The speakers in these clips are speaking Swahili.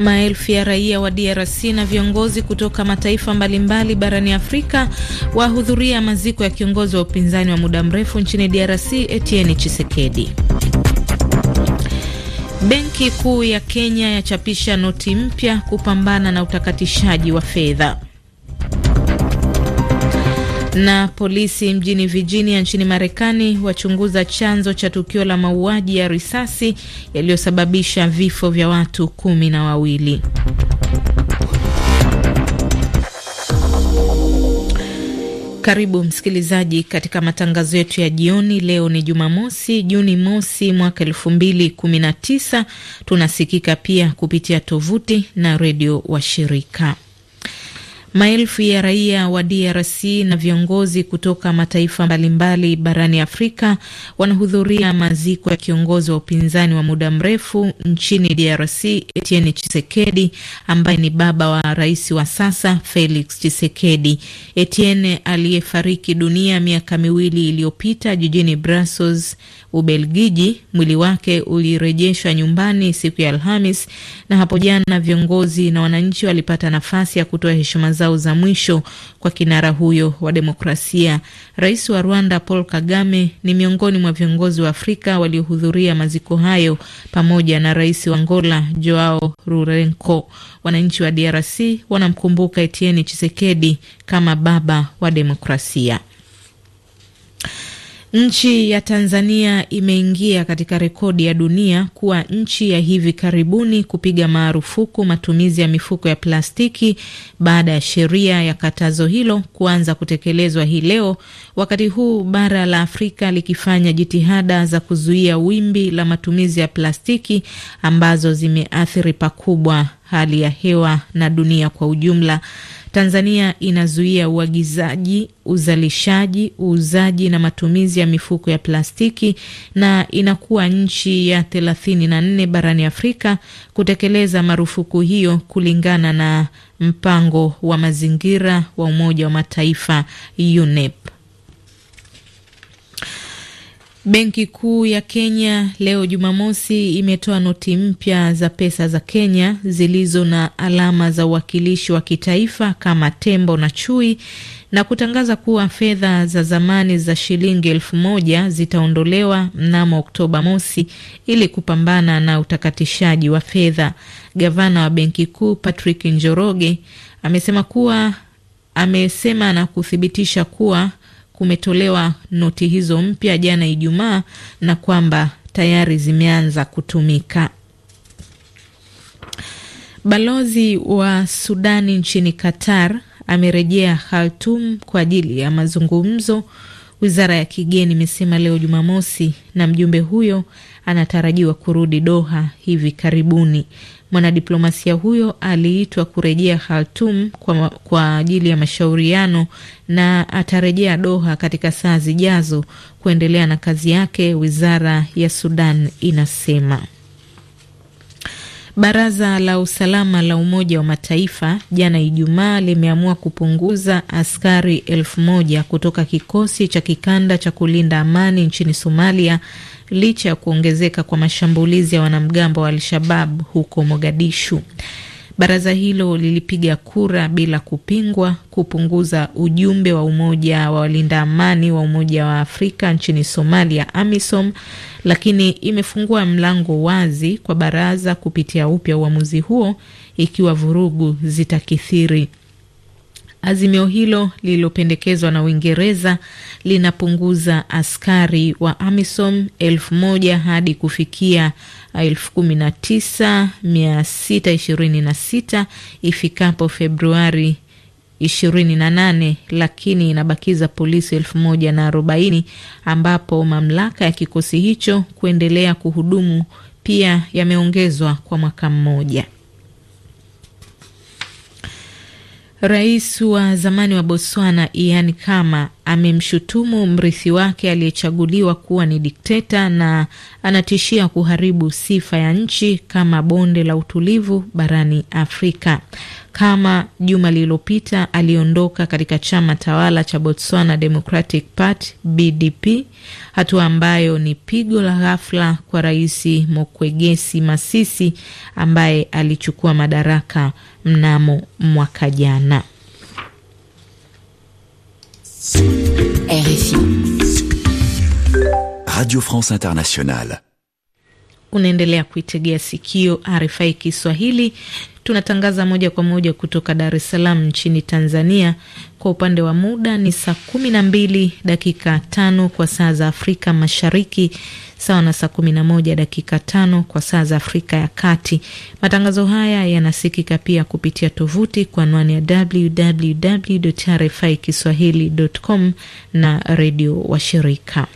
Maelfu ya raia wa DRC na viongozi kutoka mataifa mbalimbali barani Afrika wahudhuria maziko ya kiongozi wa upinzani wa muda mrefu nchini DRC Etienne chisekedi Benki Kuu ya Kenya yachapisha noti mpya kupambana na utakatishaji wa fedha. Na polisi mjini Virginia nchini Marekani wachunguza chanzo cha tukio la mauaji ya risasi yaliyosababisha vifo vya watu kumi na wawili. Karibu msikilizaji katika matangazo yetu ya jioni. Leo ni Jumamosi, Juni mosi mwaka elfu mbili kumi na tisa. Tunasikika pia kupitia tovuti na redio wa shirika Maelfu ya raia wa DRC na viongozi kutoka mataifa mbalimbali barani Afrika wanahudhuria maziko ya kiongozi wa upinzani wa muda mrefu nchini DRC Etienne chisekedi ambaye ni baba wa rais wa sasa Felix chisekedi Etienne aliyefariki dunia miaka miwili iliyopita jijini Brussels Ubelgiji, mwili wake ulirejeshwa nyumbani siku ya Alhamis, na hapo jana viongozi na wananchi walipata nafasi ya kutoa heshima zao za mwisho kwa kinara huyo wa demokrasia. Rais wa Rwanda Paul Kagame ni miongoni mwa viongozi wa Afrika waliohudhuria maziko hayo pamoja na rais wa Angola Joao Lourenco. Wananchi wa DRC wanamkumbuka Etienne chisekedi kama baba wa demokrasia. Nchi ya Tanzania imeingia katika rekodi ya dunia kuwa nchi ya hivi karibuni kupiga marufuku matumizi ya mifuko ya plastiki baada ya sheria ya katazo hilo kuanza kutekelezwa hii leo, wakati huu bara la Afrika likifanya jitihada za kuzuia wimbi la matumizi ya plastiki ambazo zimeathiri pakubwa hali ya hewa na dunia kwa ujumla. Tanzania inazuia uagizaji, uzalishaji, uuzaji na matumizi ya mifuko ya plastiki na inakuwa nchi ya thelathini na nne barani Afrika kutekeleza marufuku hiyo kulingana na mpango wa mazingira wa Umoja wa Mataifa UNEP. Benki Kuu ya Kenya leo Jumamosi imetoa noti mpya za pesa za Kenya zilizo na alama za uwakilishi wa kitaifa kama tembo na chui na kutangaza kuwa fedha za zamani za shilingi elfu moja zitaondolewa mnamo Oktoba mosi ili kupambana na utakatishaji wa fedha. Gavana wa Benki Kuu Patrick Njoroge amesema kuwa amesema na kuthibitisha kuwa kumetolewa noti hizo mpya jana Ijumaa na kwamba tayari zimeanza kutumika. Balozi wa Sudani nchini Qatar amerejea Khartoum kwa ajili ya mazungumzo, wizara ya kigeni imesema leo Jumamosi, na mjumbe huyo anatarajiwa kurudi Doha hivi karibuni. Mwanadiplomasia huyo aliitwa kurejea Khartoum kwa, kwa ajili ya mashauriano na atarejea Doha katika saa zijazo kuendelea na kazi yake, wizara ya Sudan inasema. Baraza la usalama la Umoja wa Mataifa jana Ijumaa limeamua kupunguza askari elfu moja kutoka kikosi cha kikanda cha kulinda amani nchini Somalia licha ya kuongezeka kwa mashambulizi ya wanamgambo wa Al-Shabab huko Mogadishu. Baraza hilo lilipiga kura bila kupingwa kupunguza ujumbe wa umoja wa walinda amani wa Umoja wa Afrika nchini Somalia, AMISOM, lakini imefungua mlango wazi kwa baraza kupitia upya uamuzi huo ikiwa vurugu zitakithiri. Azimio hilo lililopendekezwa na Uingereza linapunguza askari wa AMISOM elfu moja hadi kufikia elfu kumi na tisa mia sita ishirini na sita ifikapo Februari ishirini na nane lakini inabakiza polisi elfu moja na arobaini ambapo mamlaka ya kikosi hicho kuendelea kuhudumu pia yameongezwa kwa mwaka mmoja. Rais wa zamani wa Botswana Ian Khama amemshutumu mrithi wake aliyechaguliwa kuwa ni dikteta na anatishia kuharibu sifa ya nchi kama bonde la utulivu barani Afrika. Kama juma lililopita aliondoka katika chama tawala cha Botswana Democratic Party BDP, hatua ambayo ni pigo la ghafla kwa Rais Mokwegesi Masisi ambaye alichukua madaraka mnamo mwaka jana. RFI. Radio France Internationale. Unaendelea kuitegea sikio RFI Kiswahili. Tunatangaza moja kwa moja kutoka Dar es Salaam nchini Tanzania. Kwa upande wa muda ni saa kumi na mbili dakika tano kwa saa za Afrika Mashariki, sawa na saa kumi na moja dakika tano kwa saa za Afrika ya Kati. Matangazo haya yanasikika pia kupitia tovuti kwa anwani ya www RFI Kiswahili.com na redio washirika.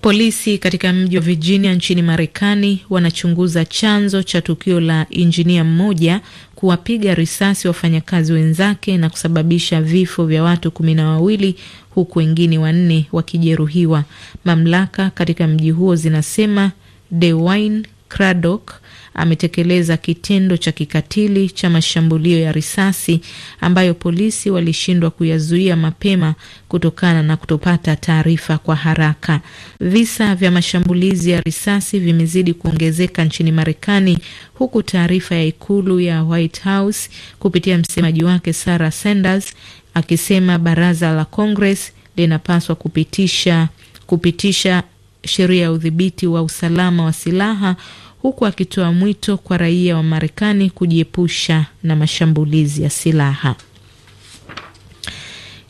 Polisi katika mji wa Virginia nchini Marekani wanachunguza chanzo cha tukio la injinia mmoja kuwapiga risasi wafanyakazi wenzake na kusababisha vifo vya watu kumi na wawili huku wengine wanne wakijeruhiwa. Mamlaka katika mji huo zinasema Dewayne Craddock ametekeleza kitendo cha kikatili cha mashambulio ya risasi ambayo polisi walishindwa kuyazuia mapema kutokana na kutopata taarifa kwa haraka. Visa vya mashambulizi ya risasi vimezidi kuongezeka nchini Marekani, huku taarifa ya ikulu ya White House kupitia msemaji wake Sarah Sanders akisema baraza la Congress linapaswa kupitisha kupitisha sheria ya udhibiti wa usalama wa silaha huku akitoa mwito kwa raia wa Marekani kujiepusha na mashambulizi ya silaha.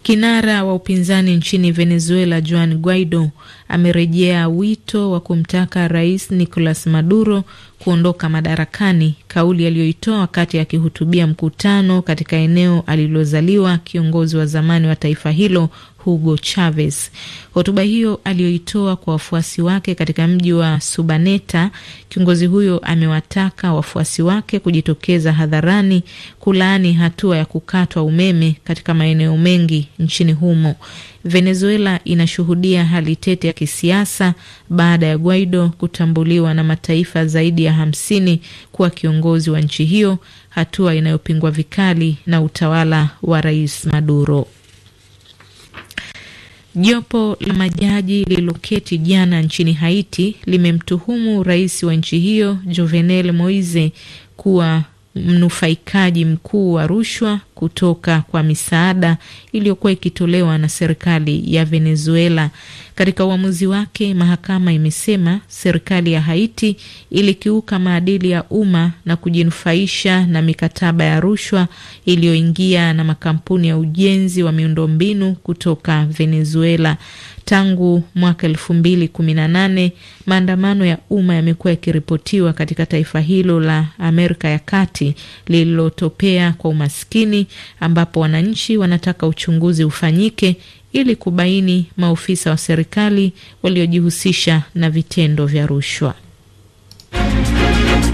Kinara wa upinzani nchini Venezuela Juan Guaido amerejea wito wa kumtaka rais Nicolas Maduro kuondoka madarakani, kauli aliyoitoa wakati akihutubia mkutano katika eneo alilozaliwa kiongozi wa zamani wa taifa hilo Hugo Chavez. Hotuba hiyo aliyoitoa kwa wafuasi wake katika mji wa Subaneta, kiongozi huyo amewataka wafuasi wake kujitokeza hadharani kulaani hatua ya kukatwa umeme katika maeneo mengi nchini humo. Venezuela inashuhudia hali tete ya kisiasa baada ya Guaido kutambuliwa na mataifa zaidi ya hamsini kuwa kiongozi wa nchi hiyo, hatua inayopingwa vikali na utawala wa Rais Maduro. Jopo la majaji lililoketi jana nchini Haiti limemtuhumu rais wa nchi hiyo Jovenel Moise kuwa mnufaikaji mkuu wa rushwa kutoka kwa misaada iliyokuwa ikitolewa na serikali ya Venezuela. Katika uamuzi wake, mahakama imesema serikali ya Haiti ilikiuka maadili ya umma na kujinufaisha na mikataba ya rushwa iliyoingia na makampuni ya ujenzi wa miundombinu kutoka Venezuela. Tangu mwaka elfu mbili kumi na nane maandamano ya umma yamekuwa yakiripotiwa katika taifa hilo la Amerika ya Kati lililotopea kwa umaskini, ambapo wananchi wanataka uchunguzi ufanyike ili kubaini maofisa wa serikali waliojihusisha na vitendo vya rushwa.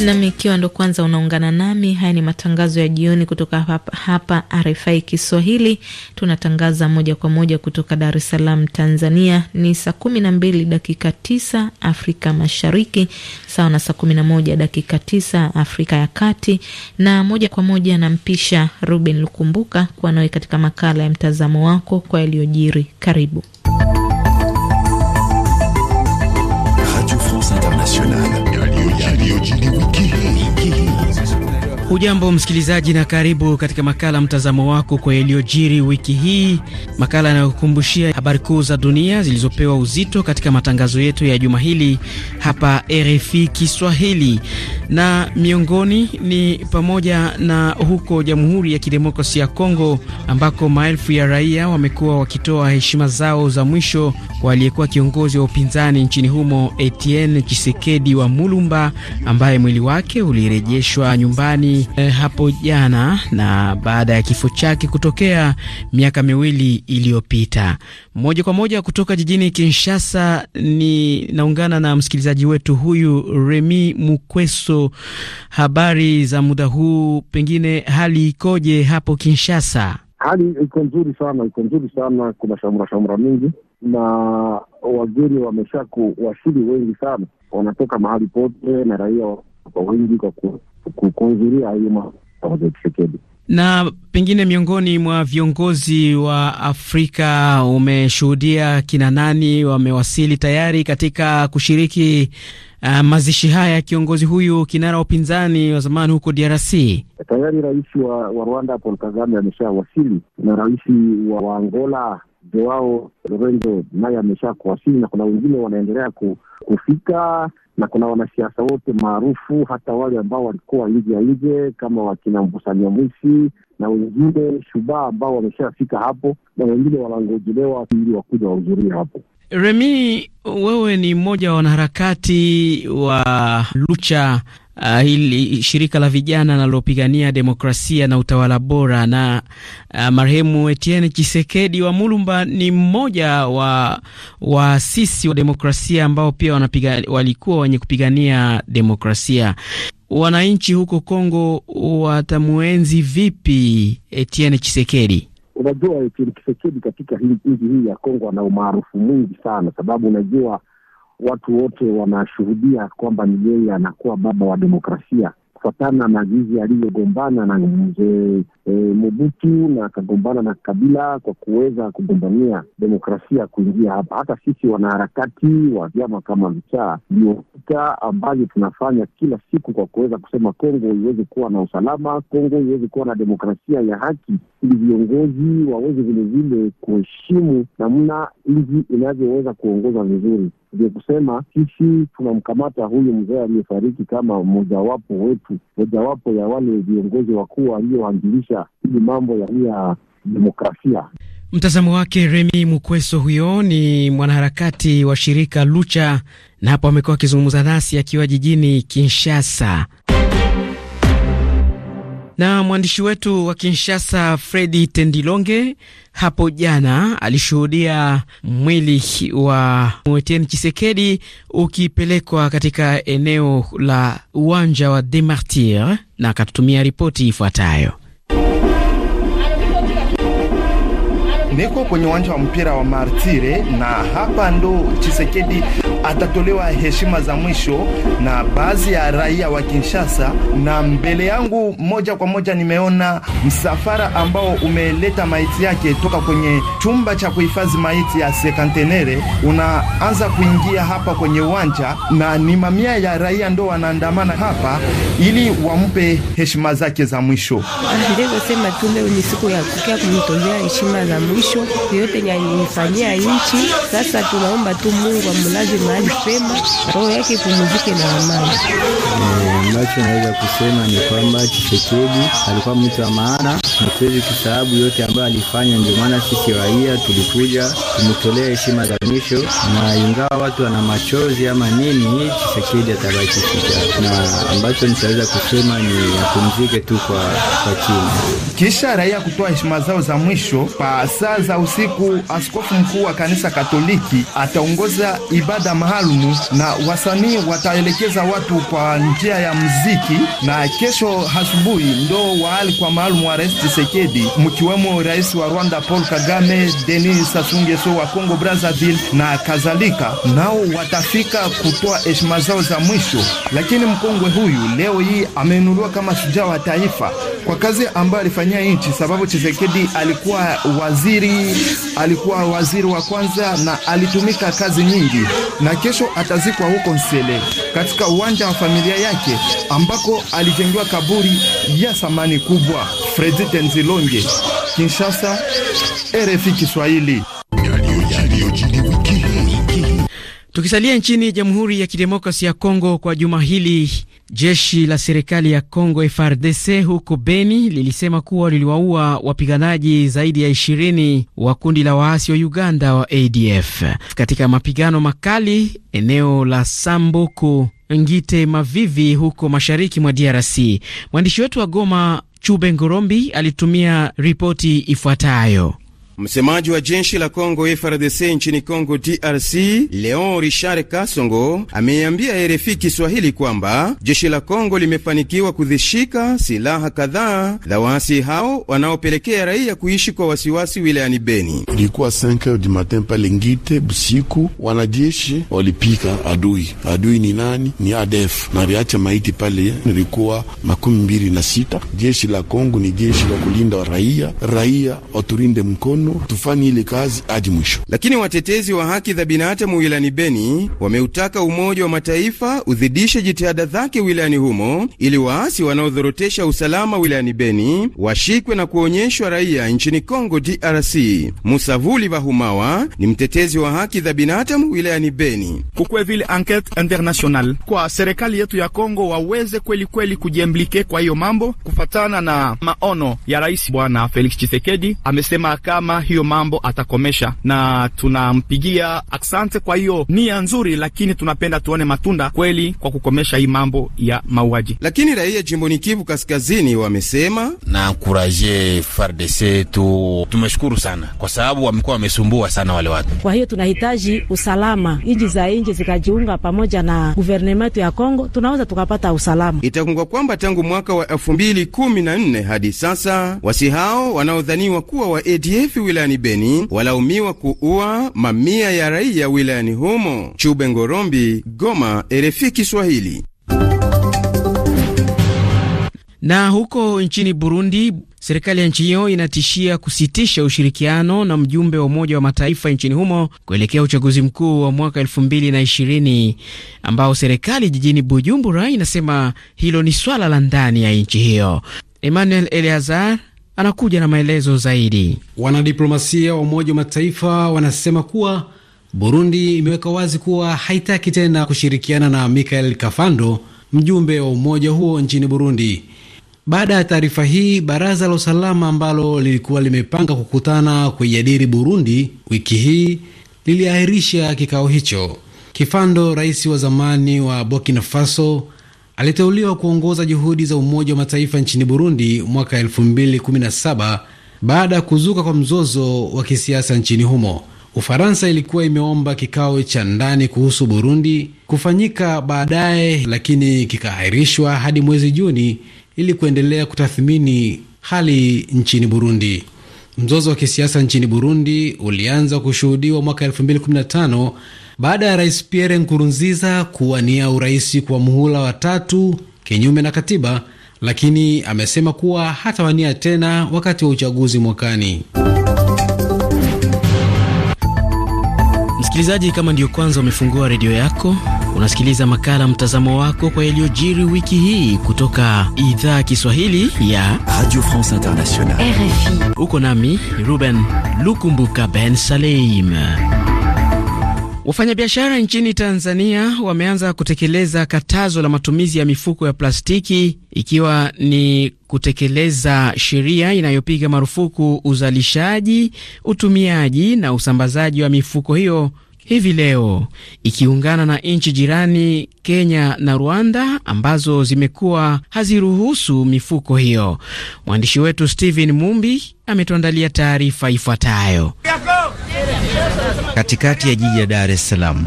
Nami ikiwa ndo kwanza unaungana nami, haya ni matangazo ya jioni kutoka hapa, hapa RFI Kiswahili. Tunatangaza moja kwa moja kutoka Dar es Salaam, Tanzania. Ni saa kumi na mbili dakika tisa Afrika Mashariki, sawa na saa kumi na moja dakika tisa Afrika ya Kati. Na moja kwa moja nampisha Ruben Lukumbuka kuwa nawe katika makala ya mtazamo wako kwa yaliyojiri. Karibu Radio France Internationale ujambo msikilizaji, na karibu katika makala mtazamo wako kwa yaliyojiri wiki hii, makala yanayokumbushia habari kuu za dunia zilizopewa uzito katika matangazo yetu ya juma hili hapa RFI Kiswahili, na miongoni ni pamoja na huko Jamhuri ya Kidemokrasia ya Kongo ambako maelfu ya raia wamekuwa wakitoa heshima zao za mwisho wa aliyekuwa kiongozi wa upinzani nchini humo Etienne Chisekedi wa Mulumba ambaye mwili wake ulirejeshwa nyumbani eh, hapo jana na baada ya kifo chake kutokea miaka miwili iliyopita. Moja kwa moja kutoka jijini Kinshasa ni naungana na msikilizaji wetu huyu Remi Mukweso. Habari za muda huu, pengine hali ikoje hapo Kinshasa? Hali iko nzuri sana, iko nzuri sana, kuna shamra shamra mingi na wageni wamesha kuwasili wengi sana, wanatoka mahali pote, na raia kwa wengi kwa kuhudhuria hiyo Tshisekedi na pengine miongoni mwa viongozi wa Afrika umeshuhudia kina nani wamewasili tayari katika kushiriki uh, mazishi haya ya kiongozi huyu kinara wa upinzani wa zamani huko DRC? Tayari rais wa, wa Rwanda Paul Kagame ameshawasili na rais wa, wa Angola Joao Lorenzo naye amesha kuwasili na kuna wengine wanaendelea kufika, na kuna wanasiasa wote maarufu, hata wale ambao walikuwa nje ya nje kama wakina Mvusania Mwisi na wengine shubaa ambao wameshafika hapo na wengine wanangojelewa ili wakuja wahuzuria hapo. Remi, wewe ni mmoja wa wanaharakati wa Lucha uh, hili shirika la vijana linalopigania demokrasia na utawala bora na uh, marehemu Etienne Chisekedi wa Mulumba ni mmoja wa waasisi wa demokrasia ambao pia wanapiga, walikuwa wenye kupigania demokrasia. Wananchi huko Kongo watamwenzi vipi Etienne Chisekedi? Unajua Etienne Chisekedi katika nchi hii ya Kongo ana umaarufu mwingi sana, sababu unajua watu wote wanashuhudia kwamba ni yeye anakuwa baba wa demokrasia kufatana na jizi aliyogombana na mzee e, Mobutu na akagombana na Kabila kwa kuweza kugombania demokrasia kuingia hapa. Hata sisi wanaharakati wa vyama kama vichaa liopita ambavyo tunafanya kila siku kwa kuweza kusema Kongo iweze kuwa na usalama, Kongo iweze kuwa na demokrasia ya haki, ili viongozi waweze vilevile kuheshimu namna nji inavyoweza kuongoza vizuri vya kusema sisi tunamkamata huyu mzee aliyefariki kama mojawapo wetu, mojawapo ya wale viongozi wakuu walioanjilisha kuhakikisha ili mambo ya demokrasia. Mtazamo wake Remi Mukweso, huyo ni mwanaharakati wa shirika Lucha, na hapo amekuwa akizungumza nasi akiwa jijini Kinshasa. Na mwandishi wetu wa Kinshasa Fredi Tendilonge hapo jana alishuhudia mwili wa Etienne chisekedi ukipelekwa katika eneo la uwanja wa demartir na akatutumia ripoti ifuatayo. Niko kwenye uwanja wa mpira wa Martire na hapa ndo Chisekedi atatolewa heshima za mwisho na baadhi ya raia wa Kinshasa. Na mbele yangu moja kwa moja nimeona msafara ambao umeleta maiti yake toka kwenye chumba cha kuhifadhi maiti ya Sekantenere, unaanza kuingia hapa kwenye uwanja, na ni mamia ya raia ndo wanaandamana hapa ili wampe heshima zake za mwisho. Sema tu leo ni siku ya kukia kumtolea heshima za mwisho yote nyanyifanyia nchi. Sasa tunaomba tu Mungu amlaze mahali pema, roho yake ipumzike na amani. Ambacho eh, naweza kusema ni kwamba Chisekedi alikuwa mtu wa maana, hatuwezi kusahabu yote ambayo alifanya. Ndio maana sisi raia tulikuja kumtolea heshima za mwisho, na ingawa watu wana machozi ama nini, Chisekedi atabaki kija, na ambacho nitaweza kusema ni apumzike tu kwa, kwa chini. Kisha raia kutoa heshima zao za mwisho pa saa za usiku, askofu mkuu wa kanisa Katoliki ataongoza ibada maalum na wasanii wataelekeza watu kwa njia ya mziki, na kesho asubuhi ndo waalikwa maalum wa Rais Tshisekedi, mkiwemo rais wa Rwanda Paul Kagame, Denis Sassou Nguesso wa congo Brazzaville na kadhalika, nao watafika kutoa heshima zao za mwisho. Lakini mkongwe huyu leo hii ameinuliwa kama shujaa wa taifa kwa kazi ambayo alifanyia nchi, sababu Tshisekedi alikuwa waziri, alikuwa waziri wa kwanza na alitumika kazi nyingi na kesho atazikwa huko Nsele katika uwanja wa familia yake ambako alijengiwa kaburi ya thamani kubwa. Fredi Tenzilonge, Kinshasa, RFI Kiswahili. Tukisalia nchini Jamhuri ya Kidemokrasi ya Kongo, kwa juma hili jeshi la serikali ya Kongo frdc huko Beni lilisema kuwa liliwaua wapiganaji zaidi ya ishirini wa kundi la waasi wa Uganda wa ADF katika mapigano makali eneo la Sambuku Ngite Mavivi huko mashariki mwa DRC. Mwandishi wetu wa Goma Chube Ngorombi alitumia ripoti ifuatayo. Msemaji wa jeshi la congo FRDC nchini congo DRC, Leon Richard Kasongo ameambia RFI Kiswahili kwamba jeshi la congo limefanikiwa kuzishika silaha kadhaa za waasi hao wanaopelekea raia kuishi kwa wasiwasi wilayani Beni. Ilikuwa 5h du matin pale Ngite busiku, wanajeshi walipika adui. Adui ni nani? Ni ADF na liacha maiti pale, ilikuwa makumi mbili na sita. Jeshi la Congo ni jeshi la kulinda raia, raia waturinde mkono mkono tufanye ile kazi hadi mwisho. Lakini watetezi wa haki za binadamu wilayani Beni wameutaka Umoja wa Mataifa udhidishe jitihada zake wilayani humo ili waasi wanaodhorotesha usalama wilayani Beni washikwe na kuonyeshwa raia nchini Kongo DRC. Musavuli Bahumawa ni mtetezi wa haki za binadamu wilayani Beni. Kukwe vile enquete international kwa serikali yetu ya Kongo waweze kweli kweli kujemblike kwa hiyo mambo, kufatana na maono ya rais Bwana Felix Tshisekedi amesema kama kama hiyo mambo atakomesha, na tunampigia aksante kwa hiyo nia nzuri, lakini tunapenda tuone matunda kweli kwa kukomesha hii mambo ya mauaji. Lakini raia jimboni Kivu Kaskazini wamesema na kuraje FARDC tu, tumeshukuru sana kwa sababu wamekuwa wamesumbua sana wale watu. Kwa hiyo tunahitaji usalama, nchi za nchi zikajiunga pamoja na guvernementu ya Kongo, tunaweza tukapata usalama. Itakumbukwa kwamba tangu mwaka wa elfu mbili kumi na nne hadi sasa wasi hao wanaodhaniwa kuwa wa ADF wilayani Beni walaumiwa kuua mamia ya raia wilayani humo. Chube Ngorombi, Goma, RFI Kiswahili. Na huko nchini Burundi, serikali ya nchi hiyo inatishia kusitisha ushirikiano na mjumbe wa Umoja wa Mataifa nchini humo kuelekea uchaguzi mkuu wa mwaka elfu mbili na ishirini ambao serikali jijini Bujumbura inasema hilo ni swala la ndani ya nchi hiyo. Emmanuel Eleazar anakuja na maelezo zaidi. Wanadiplomasia wa Umoja wa Mataifa wanasema kuwa Burundi imeweka wazi kuwa haitaki tena kushirikiana na Michael Kafando, mjumbe wa umoja huo nchini Burundi. Baada ya taarifa hii, baraza la usalama ambalo lilikuwa limepanga kukutana kuijadili Burundi wiki hii liliahirisha kikao hicho. Kifando, rais wa zamani wa Burkina Faso, Aliteuliwa kuongoza juhudi za Umoja wa Mataifa nchini Burundi mwaka 2017 baada ya kuzuka kwa mzozo wa kisiasa nchini humo. Ufaransa ilikuwa imeomba kikao cha ndani kuhusu Burundi kufanyika baadaye, lakini kikaahirishwa hadi mwezi Juni ili kuendelea kutathmini hali nchini Burundi. Mzozo wa kisiasa nchini Burundi ulianza kushuhudiwa mwaka 215 baada ya Rais Pierre Nkurunziza kuwania urais kwa muhula wa tatu kinyume na katiba, lakini amesema kuwa hatawania tena wakati wa uchaguzi mwakani. Msikilizaji, kama ndiyo kwanza umefungua redio yako, unasikiliza makala mtazamo wako kwa yaliyojiri wiki hii kutoka idhaa Kiswahili ya Radio France Internationale, RFI. Uko nami Ruben Lukumbuka Ben Saleim. Wafanyabiashara nchini Tanzania wameanza kutekeleza katazo la matumizi ya mifuko ya plastiki ikiwa ni kutekeleza sheria inayopiga marufuku uzalishaji, utumiaji na usambazaji wa mifuko hiyo hivi leo ikiungana na nchi jirani Kenya na Rwanda ambazo zimekuwa haziruhusu mifuko hiyo. Mwandishi wetu Steven Mumbi ametuandalia taarifa ifuatayo katikati ya jiji la Dar es Salaam.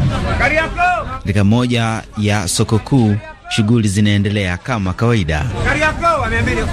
Katika moja ya soko kuu, shughuli zinaendelea kama kawaida.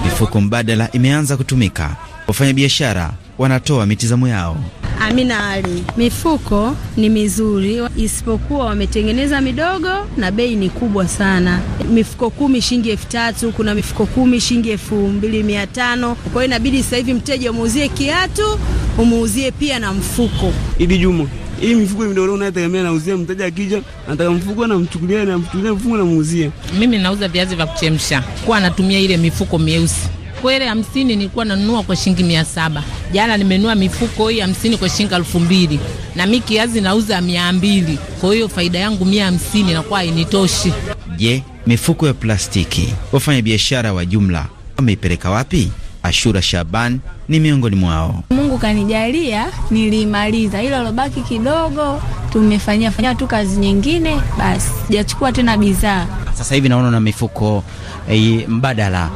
Mifuko mbadala imeanza kutumika, wafanyabiashara wanatoa mitizamo yao. Amina Ali, mifuko ni mizuri, isipokuwa wametengeneza midogo na bei ni kubwa sana. Mifuko kumi shilingi elfu tatu kuna mifuko kumi shilingi elfu mbili mia tano Kwa hiyo inabidi sasa hivi mteja umuuzie kiatu, umuuzie pia na mfuko. Idi Juma hii mifuko midogo unategemea nauzia mteja akija, nataka mfuko na mchukulia na mchukulia mfuko na muuzia. Mimi nauza viazi vya kuchemsha. Kwa anatumia ile mifuko mieusi. Kwele hamsini nilikuwa nanunua kwa shilingi mia saba. Jana nimenunua mifuko hii hamsini kwa shilingi elfu mbili na mi kiazi nauza mia mbili. Kwa hiyo faida yangu mia hamsini inakuwa hainitoshi. Je, mifuko ya plastiki wafanya biashara wa jumla wameipeleka wapi? Ashura Shaban, ni miongoni mwao. Mungu kanijalia, nilimaliza ilo lobaki kidogo, tumefanyia fanyia tu kazi nyingine, basi sijachukua tena bidhaa. Sasa hivi naona na mifuko e, mbadala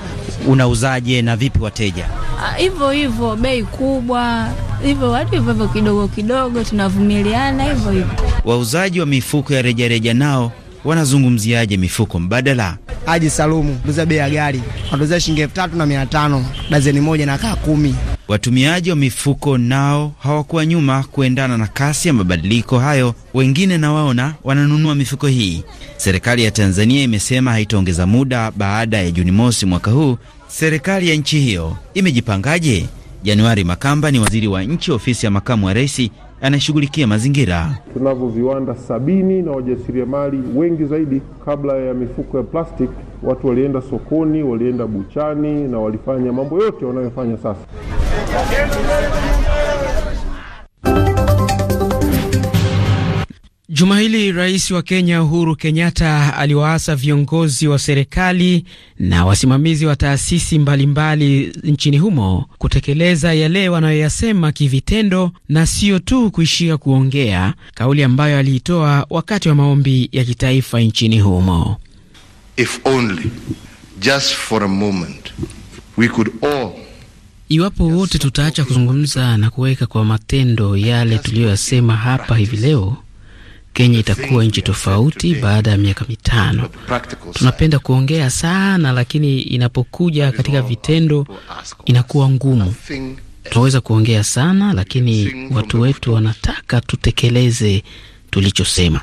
unauzaje na vipi wateja? Ah, hivyo hivyo bei kubwa hivyo watu hivyo hivyo kidogo kidogo, tunavumiliana hivyo hivyo. Wauzaji wa mifuko ya rejareja nao wanazungumziaje mifuko mbadala? Haji Salumu, duza bei ya gari natuza shilingi elfu tatu na mia tano dazeni moja na kaa kumi. Watumiaji wa mifuko nao hawakuwa nyuma kuendana na kasi ya mabadiliko hayo, wengine na waona wananunua mifuko hii. Serikali ya Tanzania imesema haitaongeza muda baada ya Juni mosi mwaka huu. Serikali ya nchi hiyo imejipangaje? Januari Makamba ni waziri wa nchi ofisi ya makamu wa rais anashughulikia mazingira. Tunavyo viwanda sabini na wajasiriamali wengi zaidi. Kabla ya mifuko ya plastiki, watu walienda sokoni, walienda buchani na walifanya mambo yote wanayofanya sasa. Juma hili rais wa Kenya Uhuru Kenyatta aliwaasa viongozi wa serikali na wasimamizi wa taasisi mbalimbali nchini humo kutekeleza yale wanayoyasema kivitendo na siyo tu kuishia kuongea, kauli ambayo aliitoa wakati wa maombi ya kitaifa nchini humo. If only, just for a moment, we could all... Iwapo wote tutaacha kuzungumza na kuweka kwa matendo yale tuliyoyasema hapa hivi leo Kenya itakuwa nchi tofauti baada ya miaka mitano. Tunapenda kuongea sana, lakini inapokuja katika vitendo inakuwa ngumu. Tunaweza kuongea sana, lakini watu wetu wanataka tutekeleze tulichosema.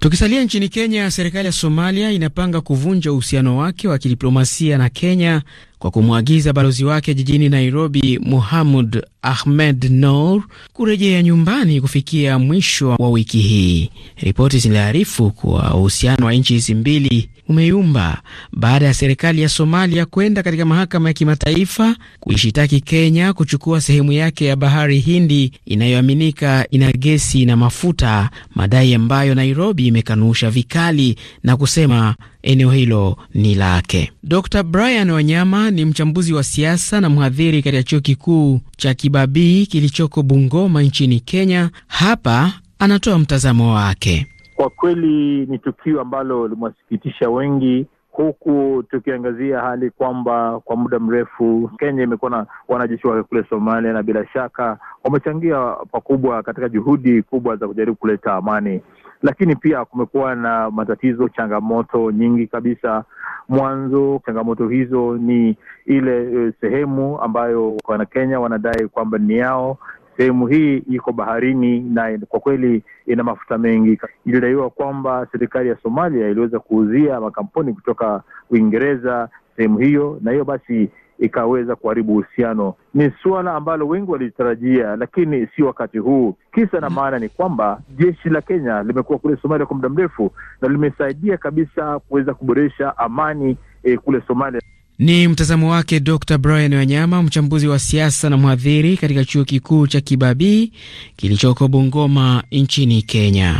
Tukisalia nchini Kenya, serikali ya Somalia inapanga kuvunja uhusiano wake wa kidiplomasia na Kenya kwa kumwagiza balozi wake jijini Nairobi, Muhamud Ahmed Nor kurejea nyumbani kufikia mwisho wa wiki hii. Ripoti zinaarifu kuwa uhusiano wa nchi hizi mbili umeyumba baada ya serikali ya Somalia kwenda katika mahakama ya kimataifa kuishitaki Kenya kuchukua sehemu yake ya bahari Hindi inayoaminika ina gesi na mafuta, madai ambayo Nairobi imekanusha vikali na kusema eneo hilo ni lake. Dr Brian Wanyama ni mchambuzi wa siasa na mhadhiri katika chuo kikuu cha Kiliba B kilichoko Bungoma nchini Kenya. Hapa anatoa mtazamo wake. Kwa kweli ni tukio ambalo limewasikitisha wengi huku tukiangazia hali kwamba kwa muda mrefu Kenya imekuwa na wanajeshi wake kule Somalia, na bila shaka wamechangia pakubwa katika juhudi kubwa za kujaribu kuleta amani lakini pia kumekuwa na matatizo, changamoto nyingi kabisa. Mwanzo changamoto hizo ni ile eh, sehemu ambayo Wanakenya wanadai kwamba ni yao. Sehemu hii iko baharini na kwa kweli ina mafuta mengi. Ilidaiwa kwamba serikali ya Somalia iliweza kuuzia makampuni kutoka Uingereza sehemu hiyo, na hiyo basi ikaweza kuharibu uhusiano. Ni suala ambalo wengi walitarajia, lakini si wakati huu. Kisa na mm. maana ni kwamba jeshi la Kenya limekuwa kule Somalia kwa muda mrefu na limesaidia kabisa kuweza kuboresha amani e, kule Somalia. Ni mtazamo wake Dr Brian Wanyama, mchambuzi wa siasa na mhadhiri katika chuo kikuu cha Kibabii kilichoko Bungoma nchini Kenya.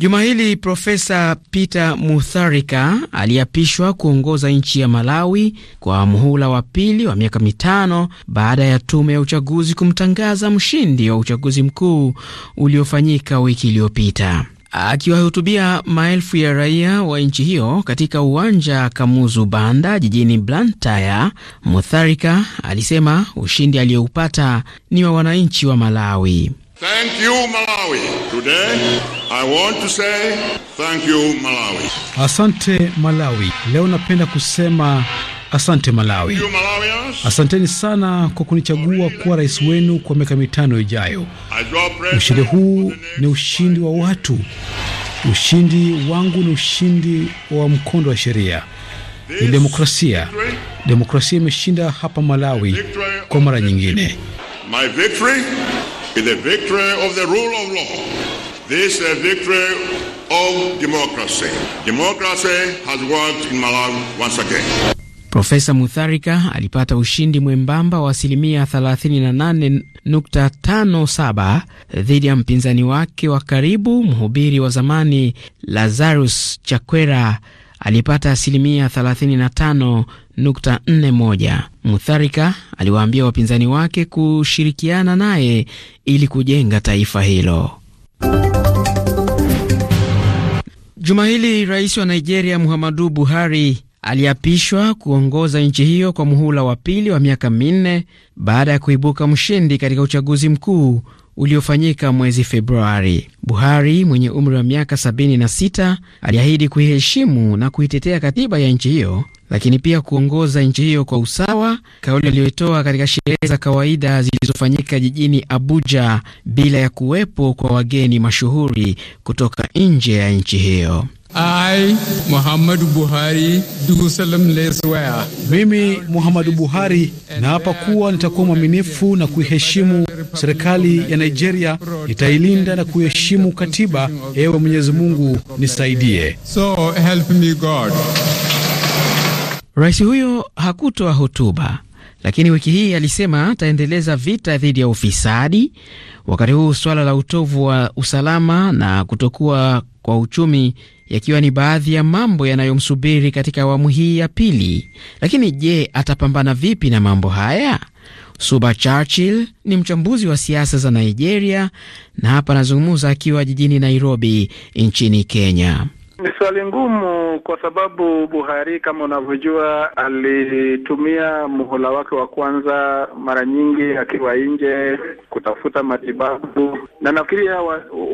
Juma hili Profesa Peter Mutharika aliapishwa kuongoza nchi ya Malawi kwa muhula wa pili wa miaka mitano baada ya tume ya uchaguzi kumtangaza mshindi wa uchaguzi mkuu uliofanyika wiki iliyopita. Akiwahutubia maelfu ya raia wa nchi hiyo katika uwanja Kamuzu Banda jijini Blantyre, Mutharika alisema ushindi aliyoupata ni wa wananchi wa Malawi. Thank you Malawi. Today I want to say thank you Malawi. Asante Malawi. Leo napenda kusema asante Malawi. Asanteni sana kwa kunichagua kuwa rais wenu kwa miaka mitano ijayo. Ushindi huu ni ushindi wa watu. Ushindi wangu ni ushindi wa mkondo wa sheria. Ni demokrasia. Demokrasia imeshinda hapa Malawi kwa mara nyingine. My victory is the victory of the rule of law. This is a victory of democracy. Democracy has worked in Malawi once again. Profesa Mutharika alipata ushindi mwembamba wa asilimia 38.57 dhidi ya mpinzani wake wa karibu, mhubiri wa zamani Lazarus Chakwera alipata asilimia 35.41. Mutharika aliwaambia wapinzani wake kushirikiana naye ili kujenga taifa hilo. Juma hili rais wa Nigeria Muhammadu Buhari aliapishwa kuongoza nchi hiyo kwa muhula wa pili wa miaka minne baada ya kuibuka mshindi katika uchaguzi mkuu uliofanyika mwezi Februari. Buhari mwenye umri wa miaka 76 aliahidi kuiheshimu na kuitetea katiba ya nchi hiyo lakini pia kuongoza nchi hiyo kwa usawa, kauli aliyoitoa katika sherehe za kawaida zilizofanyika jijini Abuja bila ya kuwepo kwa wageni mashuhuri kutoka nje ya nchi hiyo. I, Muhammadu Buhari, do solemnly swear. Mimi Muhammadu Buhari naapa kuwa nitakuwa mwaminifu na kuiheshimu serikali ya Nigeria, nitailinda na kuiheshimu katiba. Ewe Mwenyezi Mungu nisaidie. So help me God. Rais huyo hakutoa hotuba, lakini wiki hii alisema ataendeleza vita dhidi ya ufisadi, wakati huu suala la utovu wa usalama na kutokuwa kwa uchumi yakiwa ni baadhi ya mambo yanayomsubiri katika awamu hii ya pili. Lakini je, atapambana vipi na mambo haya? Suba Churchill ni mchambuzi wa siasa za Nigeria na hapa anazungumza akiwa jijini Nairobi nchini Kenya. Ni swali ngumu kwa sababu Buhari kama unavyojua, alitumia muhula wake wa kwanza mara nyingi akiwa nje kutafuta matibabu, na nafikiria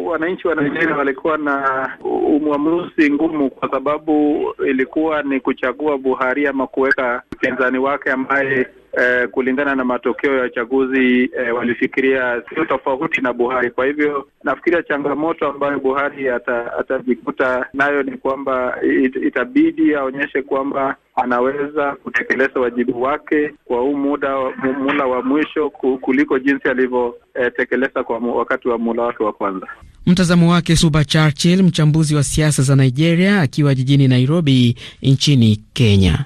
wananchi wa, wa Nigeria walikuwa na umwamuzi ngumu, kwa sababu ilikuwa ni kuchagua Buhari ama kuweka mpinzani wake ambaye eh, kulingana na matokeo ya uchaguzi eh, walifikiria sio tofauti na Buhari. Kwa hivyo nafikiria changamoto ambayo Buhari atajikuta ata nayo ni kwamba it, itabidi aonyeshe kwamba anaweza kutekeleza wajibu wake kwa huu muda mula wa mwisho kuliko jinsi alivyotekeleza eh, kwa wakati wa mula wake wa kwanza. Mtazamo wake Suba Churchill, mchambuzi wa siasa za Nigeria, akiwa jijini Nairobi nchini Kenya.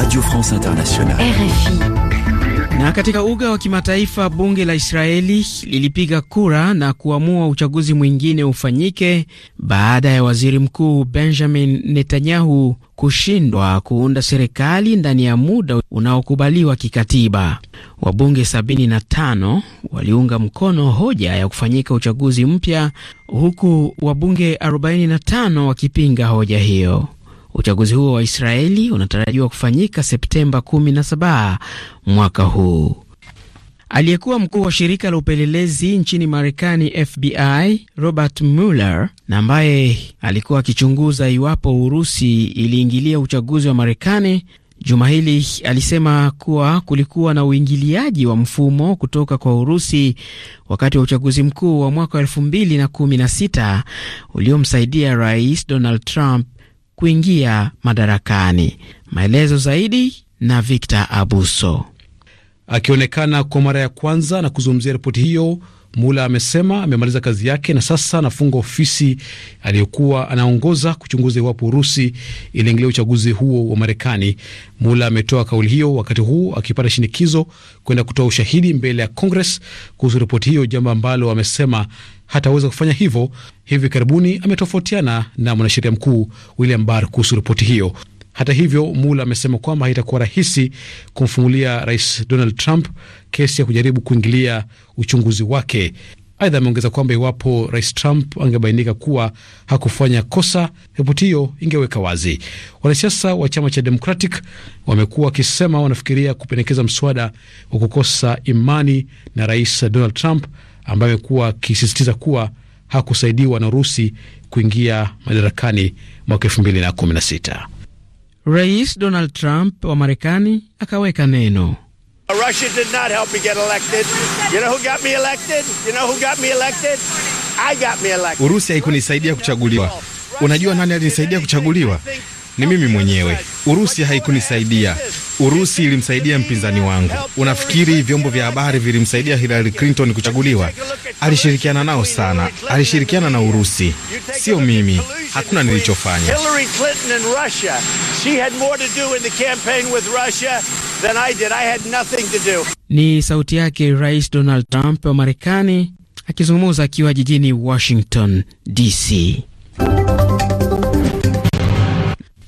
Radio France Internationale. RFI. Na katika uga wa kimataifa, bunge la Israeli lilipiga kura na kuamua uchaguzi mwingine ufanyike baada ya waziri mkuu Benjamin Netanyahu kushindwa kuunda serikali ndani ya muda unaokubaliwa kikatiba. Wabunge 75 waliunga mkono hoja ya kufanyika uchaguzi mpya, huku wabunge 45 wakipinga hoja hiyo. Uchaguzi huo wa Israeli unatarajiwa kufanyika Septemba 17 mwaka huu. Aliyekuwa mkuu wa shirika la upelelezi nchini Marekani FBI Robert Mueller na ambaye alikuwa akichunguza iwapo Urusi iliingilia uchaguzi wa Marekani juma hili alisema kuwa kulikuwa na uingiliaji wa mfumo kutoka kwa Urusi wakati wa uchaguzi mkuu wa mwaka wa 2016 uliomsaidia Rais Donald Trump kuingia madarakani. Maelezo zaidi na Victor Abuso. Akionekana kwa mara ya kwanza na kuzungumzia ripoti hiyo, Mula amesema amemaliza kazi yake na sasa anafunga ofisi aliyokuwa anaongoza kuchunguza iwapo Urusi iliingilia uchaguzi huo wa Marekani. Mula ametoa kauli hiyo wakati huu akipata shinikizo kwenda kutoa ushahidi mbele ya Kongres kuhusu ripoti hiyo, jambo ambalo amesema hataweza kufanya hivyo. Hivi karibuni ametofautiana na mwanasheria mkuu William Barr kuhusu ripoti hiyo. Hata hivyo, Mula amesema kwamba haitakuwa rahisi kumfungulia Rais Donald Trump kesi ya kujaribu kuingilia uchunguzi wake. Aidha, ameongeza kwamba iwapo Rais Trump angebainika kuwa hakufanya kosa, ripoti hiyo ingeweka wazi. Wanasiasa wa chama cha Democratic wamekuwa wakisema wanafikiria kupendekeza mswada wa kukosa imani na Rais Donald Trump ambayo kuwa akisisitiza kuwa hakusaidiwa na Urusi kuingia madarakani mwaka sita. Rais Donald Trump wa Marekani akaweka neno Urusi haikunisaidia kuchaguliwa. Unajua nani alinisaidia kuchaguliwa? ni mimi mwenyewe. Urusi haikunisaidia, Urusi ilimsaidia mpinzani wangu. Unafikiri vyombo vya habari vilimsaidia Hillary Clinton kuchaguliwa? Alishirikiana nao sana, alishirikiana na Urusi, sio mimi. Hakuna nilichofanya. Ni sauti yake Rais Donald Trump wa Marekani akizungumza akiwa jijini Washington DC.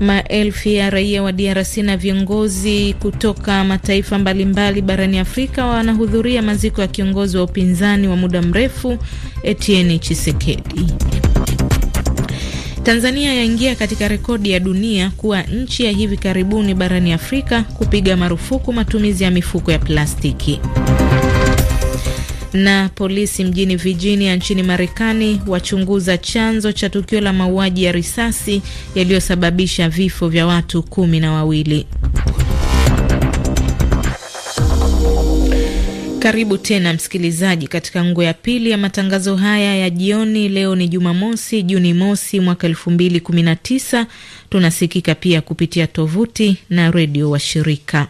Maelfu ya raia wa DRC na viongozi kutoka mataifa mbalimbali barani Afrika wanahudhuria maziko ya kiongozi wa upinzani wa muda mrefu Etienne Tshisekedi. Tanzania yaingia katika rekodi ya dunia kuwa nchi ya hivi karibuni barani Afrika kupiga marufuku matumizi ya mifuko ya plastiki. Na polisi mjini Virginia nchini Marekani wachunguza chanzo cha tukio la mauaji ya risasi yaliyosababisha vifo vya watu kumi na wawili. Karibu tena msikilizaji, katika ngo ya pili ya matangazo haya ya jioni. Leo ni Jumamosi, Juni mosi mwaka elfu mbili kumi na tisa. Tunasikika pia kupitia tovuti na redio washirika.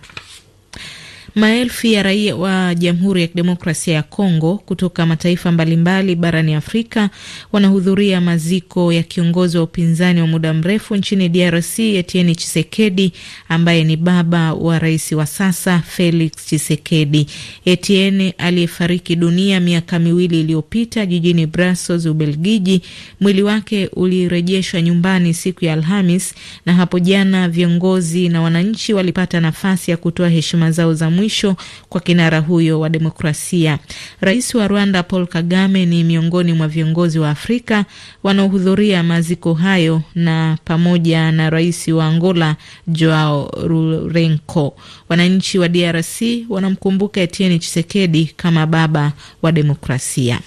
Maelfu ya raia wa Jamhuri ya Kidemokrasia ya Kongo kutoka mataifa mbalimbali barani Afrika wanahudhuria maziko ya kiongozi wa upinzani wa muda mrefu nchini DRC Etienne chisekedi ambaye ni baba wa rais wa sasa Felix chisekedi Etienne aliyefariki dunia miaka miwili iliyopita jijini Brussels, Ubelgiji. Mwili wake ulirejeshwa nyumbani siku ya Alhamis, na hapo jana viongozi na wananchi walipata nafasi ya kutoa heshima zao za mwisho mwisho kwa kinara huyo wa demokrasia. Rais wa Rwanda Paul Kagame ni miongoni mwa viongozi wa Afrika wanaohudhuria maziko hayo na pamoja na rais wa Angola Joao Lourenco. Wananchi wa DRC wanamkumbuka Etienne Tshisekedi kama baba wa demokrasia.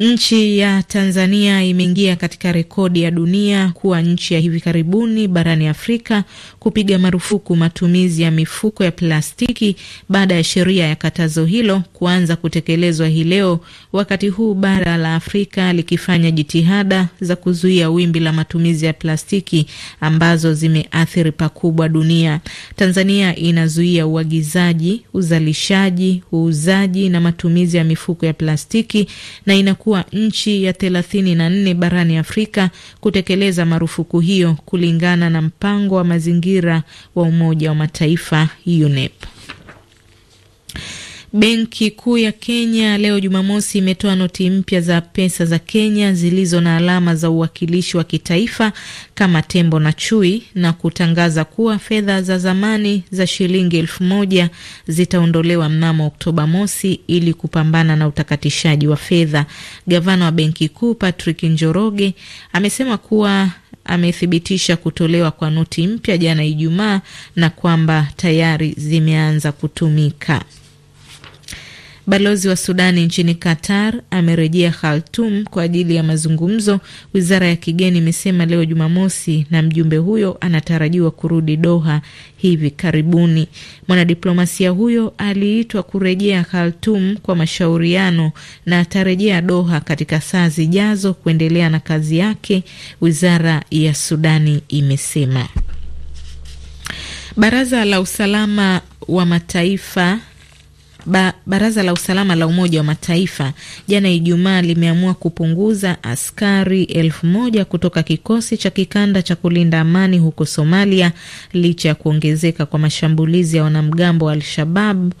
Nchi ya Tanzania imeingia katika rekodi ya dunia kuwa nchi ya hivi karibuni barani Afrika kupiga marufuku matumizi ya mifuko ya plastiki baada ya sheria ya katazo hilo kuanza kutekelezwa hii leo, wakati huu bara la Afrika likifanya jitihada za kuzuia wimbi la matumizi ya plastiki ambazo zimeathiri pakubwa dunia. Tanzania inazuia uagizaji, uzalishaji, uuzaji na matumizi ya mifuko ya plastiki na inakuwa nchi ya thelathini na nne barani Afrika kutekeleza marufuku hiyo kulingana na mpango wa mazingira mazingira wa Umoja wa Mataifa UNEP. Benki Kuu ya Kenya leo Jumamosi imetoa noti mpya za pesa za Kenya zilizo na alama za uwakilishi wa kitaifa kama tembo na chui na kutangaza kuwa fedha za zamani za shilingi elfu moja zitaondolewa mnamo Oktoba mosi ili kupambana na utakatishaji wa fedha. Gavana wa Benki Kuu Patrick Njoroge amesema kuwa amethibitisha kutolewa kwa noti mpya jana Ijumaa na kwamba tayari zimeanza kutumika. Balozi wa Sudani nchini Qatar amerejea Khartum kwa ajili ya mazungumzo, wizara ya kigeni imesema leo Jumamosi, na mjumbe huyo anatarajiwa kurudi Doha hivi karibuni. Mwanadiplomasia huyo aliitwa kurejea Khartum kwa mashauriano na atarejea Doha katika saa zijazo kuendelea na kazi yake, wizara ya Sudani imesema. Baraza la usalama wa mataifa ba, Baraza la Usalama la Umoja wa Mataifa jana Ijumaa limeamua kupunguza askari elfu moja kutoka kikosi cha kikanda cha kulinda amani huko Somalia licha ya kuongezeka kwa mashambulizi ya wanamgambo wa Al-Shabab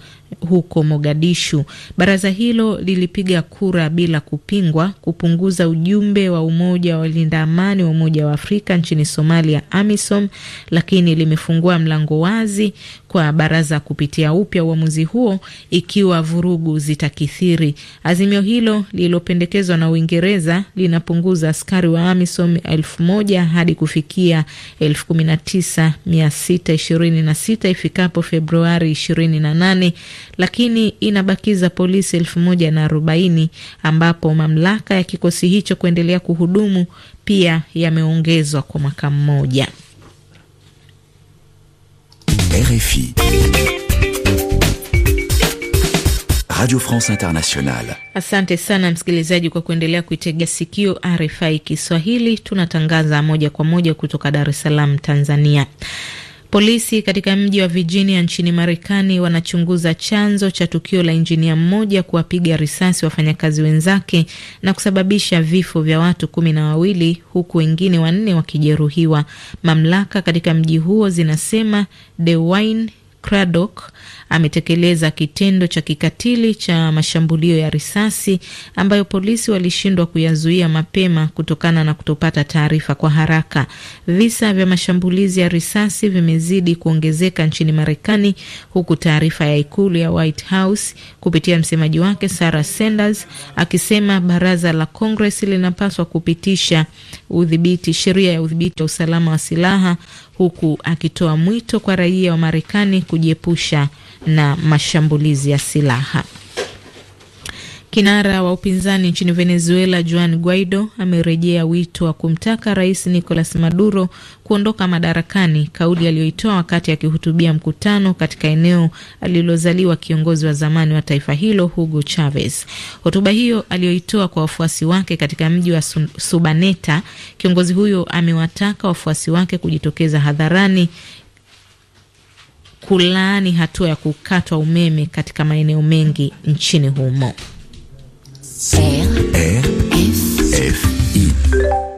huko Mogadishu. Baraza hilo lilipiga kura bila kupingwa kupunguza ujumbe wa umoja wa walinda amani wa Umoja wa Afrika nchini Somalia, AMISOM, lakini limefungua mlango wazi kwa baraza kupitia upya uamuzi huo ikiwa vurugu zitakithiri. Azimio hilo lililopendekezwa na Uingereza linapunguza askari wa AMISOM elfu moja hadi kufikia elfu kumi na tisa mia sita ishirini na sita ifikapo Februari ishirini na nane lakini inabakiza polisi elfu moja na arobaini ambapo mamlaka ya kikosi hicho kuendelea kuhudumu pia yameongezwa kwa mwaka mmoja. RFI Radio France Internationale. Asante sana msikilizaji kwa kuendelea kuitega sikio RFI Kiswahili. Tunatangaza moja kwa moja kutoka Dar es Salaam, Tanzania. Polisi katika mji wa Virginia nchini Marekani wanachunguza chanzo cha tukio la injinia mmoja kuwapiga risasi wafanyakazi wenzake na kusababisha vifo vya watu kumi na wawili huku wengine wanne wakijeruhiwa. Mamlaka katika mji huo zinasema DeWine Craddock ametekeleza kitendo cha kikatili cha mashambulio ya risasi ambayo polisi walishindwa kuyazuia mapema kutokana na kutopata taarifa kwa haraka. Visa vya mashambulizi ya risasi vimezidi kuongezeka nchini Marekani, huku taarifa ya ikulu ya White House kupitia msemaji wake Sarah Sanders akisema baraza la Congress linapaswa kupitisha udhibiti sheria ya udhibiti wa usalama wa silaha huku akitoa mwito kwa raia wa Marekani kujiepusha na mashambulizi ya silaha. Kinara wa upinzani nchini Venezuela Juan Guaido amerejea wito wa kumtaka rais Nicolas Maduro kuondoka madarakani, kauli aliyoitoa wakati akihutubia mkutano katika eneo alilozaliwa kiongozi wa zamani wa taifa hilo Hugo Chavez. Hotuba hiyo aliyoitoa kwa wafuasi wake katika mji wa Subaneta, kiongozi huyo amewataka wafuasi wake kujitokeza hadharani kulaani hatua ya kukatwa umeme katika maeneo mengi nchini humo. RFI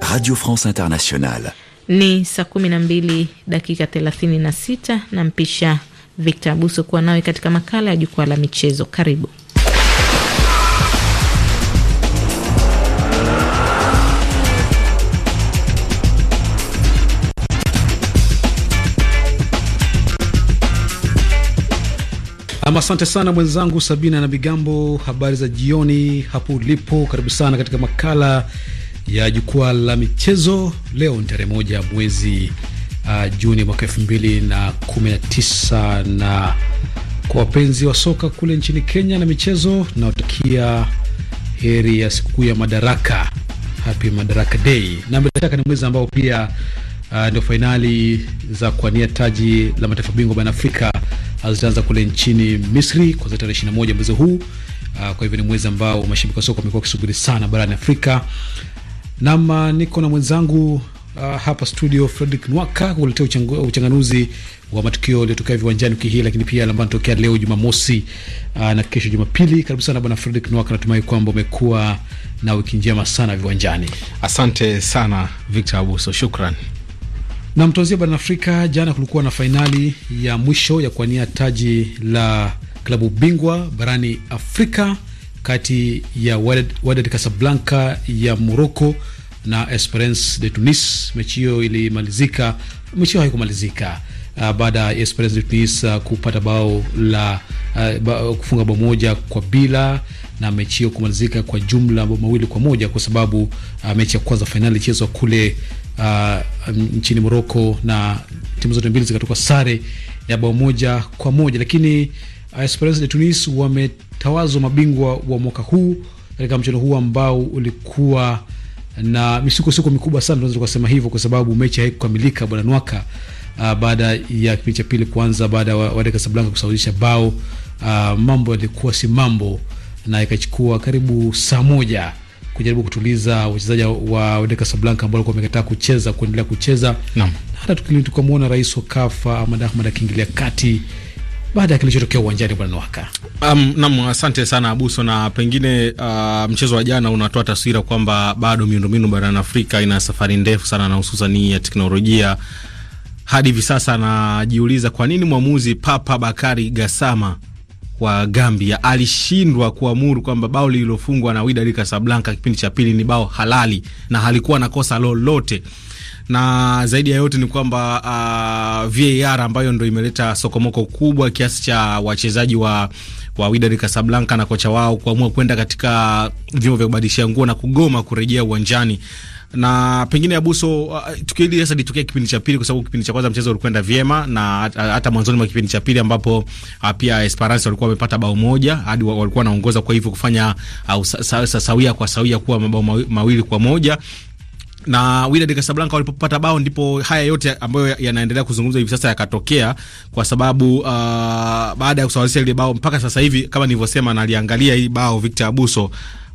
Radio France Internationale. Ni saa 12 dakika 36, na mpisha Victor Abuso kuwa nawe katika makala ya jukwaa la michezo. Karibu. asante sana mwenzangu Sabina na Bigambo. Habari za jioni hapo ulipo, karibu sana katika makala ya jukwaa la michezo. Leo ni tarehe moja mwezi uh, Juni mwaka elfu mbili na kumi na tisa na kwa wapenzi wa soka kule nchini Kenya na michezo, naotakia heri ya sikukuu ya Madaraka, happy Madaraka Day. Na bila shaka ni mwezi ambao pia uh, ndio fainali za kuania taji la mataifa bingwa barani Afrika zitaanza kule nchini Misri kwa tarehe 21 mwezi huu. Ah, kwa hivyo ni mwezi ambao mashabiki wa soka wamekuwa wakisubiri sana barani Afrika. Nam, ah, niko na mwenzangu Uh, hapa studio Fredrick Nwaka kuletea uchanganuzi wa matukio yaliyotokea viwanjani wiki hii, lakini pia ambayo natokea leo Jumamosi uh, na kesho Jumapili. Karibu sana bwana Fredrick Nwaka, natumai kwamba umekuwa na wiki njema sana viwanjani. Asante sana Victor Abuso, shukran. Na mtuanzia barani Afrika, jana kulikuwa na fainali ya mwisho ya kuwania taji la klabu bingwa barani Afrika kati ya Wydad Casablanca ya Morocco na Esperance de Tunis. Mechi hiyo ilimalizika, mechi hiyo haikumalizika uh, baada ya Esperance de Tunis uh, kupata bao la uh, ba, kufunga bao moja kwa bila na mechi hiyo kumalizika kwa jumla mawili kwa moja kwa sababu uh, mechi ya kwanza fainali ilichezwa kule uh, um, nchini Moroko, na timu zote mbili zikatoka sare ya bao moja kwa moja, lakini uh, Esperance de Tunis wametawazwa mabingwa wa mwaka huu katika mchezo huu ambao ulikuwa na misukosuko mikubwa sana, tunaweza tukasema hivyo, kwa sababu mechi haikukamilika bwana Nwaka, uh, baada ya kipindi cha pili kuanza, baada ya wa, Wydad Casablanca kusawazisha bao uh, mambo yalikuwa si mambo, na ikachukua karibu saa moja kujaribu kutuliza wachezaji wa Wydad Casablanca ambao walikuwa wamekataa kucheza kuendelea kucheza Naam. Na hata tukamwona rais wa CAF Ahmad Ahmad akiingilia kati baada ya kilichotokea uwanjani bwana Nwaka. Um, naam, asante sana Abuso, na pengine uh, mchezo wa jana unatoa taswira kwamba bado miundombinu barani Afrika ina safari ndefu sana na hususan hususani ya teknolojia hadi hivi sasa. Najiuliza kwa nini mwamuzi Papa Bakari Gasama wa Gambia alishindwa kuamuru kwamba bao lililofungwa na Wydad Casablanca kipindi cha pili ni bao halali na halikuwa na kosa lolote na zaidi ya yote ni kwamba uh, VAR ambayo ndo imeleta sokomoko kubwa kiasi cha wachezaji wa wa Wydad Casablanca na kocha wao kuamua kwenda katika vyombo vya kubadilishia nguo na kugoma kurejea uwanjani na pengine Abuso, uh, tukio hili sasa litokea kipindi cha pili, kwa sababu kipindi cha kwanza mchezo ulikwenda vyema, na uh, hata mwanzoni mwa kipindi cha pili ambapo uh, pia Esperance walikuwa wamepata bao moja hadi walikuwa wanaongoza, kwa hivyo kufanya uh, sa, sa, sawia kwa sawia kuwa mabao mawili kwa moja na Wydad Casablanca walipopata bao ndipo haya yote ambayo yanaendelea kuzungumzwa hivi sasa yakatokea, kwa sababu uh, baada ya kusawazisha ile bao mpaka sasa hivi kama nilivyosema, naliangalia hii bao Victor Abuso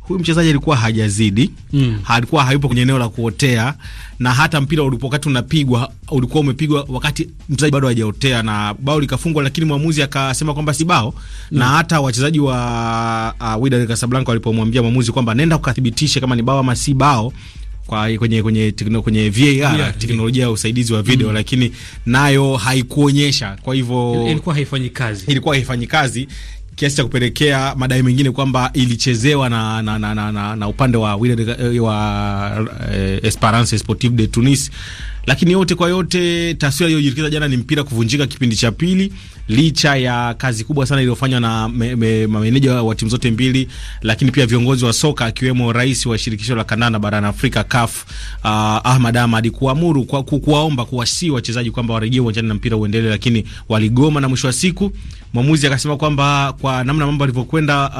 huyu mchezaji alikuwa hajazidi mm. alikuwa hayupo kwenye eneo la kuotea, na hata mpira ulipo wakati unapigwa ulikuwa umepigwa wakati mchezaji bado hajaotea, na bao likafungwa, lakini mwamuzi akasema kwamba si bao mm. na hata wachezaji wa uh, Wydad Casablanca walipomwambia mwamuzi kwamba nenda ukathibitishe kama ni bao ama si bao kwa kwenye kwenye tekno, kwenye VAR yeah, teknolojia ya usaidizi wa video mm. lakini nayo haikuonyesha, kwa hivyo ilikuwa haifanyi kazi, ilikuwa haifanyi kazi kiasi cha kupelekea madai mengine kwamba ilichezewa na, na, na, na, na, na upande wa, wa eh, wa eh, Esperance Sportive de Tunis. Lakini yote kwa yote, taswira iliyojitokeza jana ni mpira kuvunjika kipindi cha pili, licha ya kazi kubwa sana iliyofanywa na mameneja wa timu zote mbili, lakini pia viongozi wa soka akiwemo rais wa shirikisho la kandanda barani Afrika CAF, uh, Ahmad Ahmad kuamuru kwa, kuwaomba kuwasii wachezaji kwamba warejee uwanjani na mpira uendelee, lakini waligoma na mwisho wa siku mwamuzi akasema kwamba kwa namna mambo alivyokwenda,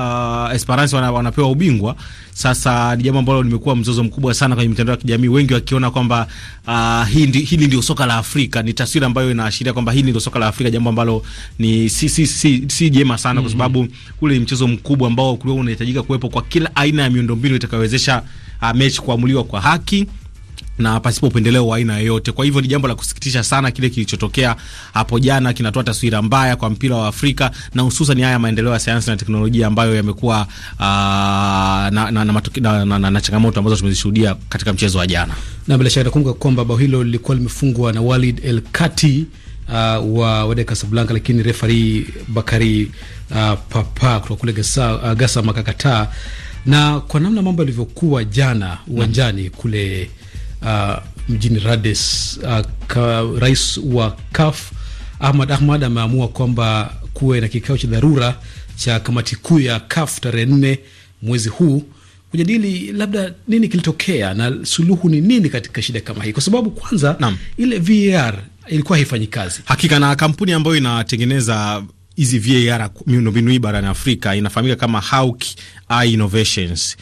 uh, Esperance wana, wanapewa ubingwa. Sasa ni jambo ambalo limekuwa mzozo mkubwa sana kwenye mitandao ya kijamii, wengi wakiona kwamba uh, hili hili ndio soka la Afrika. Ni taswira ambayo inaashiria kwamba hili ndio soka la Afrika, jambo ambalo ni si si si, si jema sana mm -hmm. kwa mhm. sababu ule mchezo mkubwa ambao kulikuwa unahitajika kuwepo kwa kila aina ya miundombinu itakayowezesha uh, mechi kuamuliwa kwa haki na pasipo upendeleo wa aina yoyote. Kwa hivyo ni jambo la kusikitisha sana kile kilichotokea hapo jana, kinatoa taswira mbaya kwa mpira wa Afrika na hususan haya maendeleo ya sayansi na teknolojia ambayo yamekuwa uh, na, na, na, na, na, na, na changamoto ambazo tumezishuhudia katika mchezo wa jana, na bila shaka nakumbuka kwamba bao hilo lilikuwa limefungwa na Walid El Kati uh, ah, wa Wydad Casablanca, lakini refari Bakari uh, ah, Papa kutoka kule Gasa, uh, Gasa makakataa na kwa namna mambo yalivyokuwa jana uwanjani mm. kule uh, mjini Rades. Uh, rais wa CAF Ahmad Ahmad ameamua kwamba kuwe na kikao cha dharura cha kamati kuu ya CAF tarehe nne mwezi huu kujadili labda nini kilitokea na suluhu ni nini katika shida kama hii, kwa sababu kwanza Nam. ile VAR ilikuwa haifanyi kazi hakika, na kampuni ambayo inatengeneza hizi VAR miundombinu hii barani Afrika inafahamika kama Hauk Eye Innovations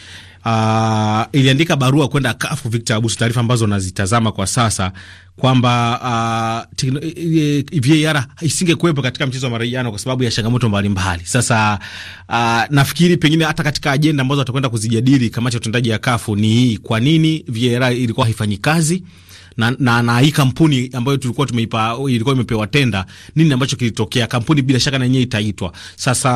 uh, iliandika barua kwenda kafu Victor Abuso, taarifa ambazo nazitazama kwa sasa kwamba uh, eh, eh, VAR isingekuwepo katika mchezo wa marejano kwa sababu ya changamoto mbalimbali. Sasa uh, nafikiri pengine hata katika ajenda ambazo watakwenda kuzijadili kamati ya utendaji ya kafu ni hii, kwa nini VAR ilikuwa haifanyi kazi na, na, na hii kampuni ambayo tulikuwa tumeipa ilikuwa imepewa tenda, nini ambacho kilitokea? Kampuni bila shaka na yenyewe itaitwa sasa.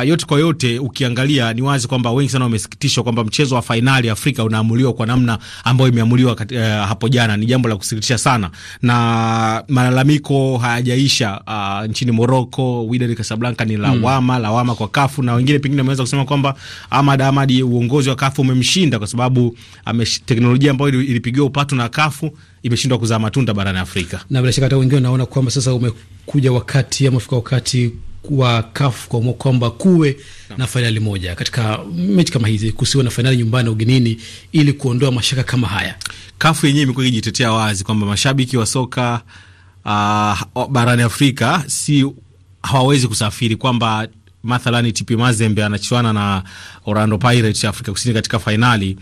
Uh, yote kwa yote, ukiangalia ni wazi kwamba wengi sana wamesikitishwa kwamba mchezo wa fainali Afrika unaamuliwa kwa namna ambayo imeamuliwa uh, hapo jana. Ni jambo la kusikitisha sana, na malalamiko hayajaisha uh, nchini Morocco. Wydad Casablanca ni lawama mm. lawama kwa kafu na wengine pengine wameweza kusema kwamba Ahmad Ahmad, uongozi wa kafu umemshinda kwa sababu ame, ah, teknolojia ambayo ilipigiwa upatu na kafu imeshindwa kuzaa matunda barani Afrika, na bila shaka hata wengine wanaona kwamba sasa umekuja wakati ama fika wakati wa kafu kuamua kwamba kuwe na fainali moja katika mechi kama hizi, kusiwe na fainali nyumbani na ugenini, ili kuondoa mashaka kama haya. CAF yenyewe imekuwa ikijitetea wazi kwamba mashabiki wa soka uh, barani Afrika si hawawezi kusafiri kwamba mathalani TP Mazembe anachuana na Orlando Pirates Afrika Kusini katika fainali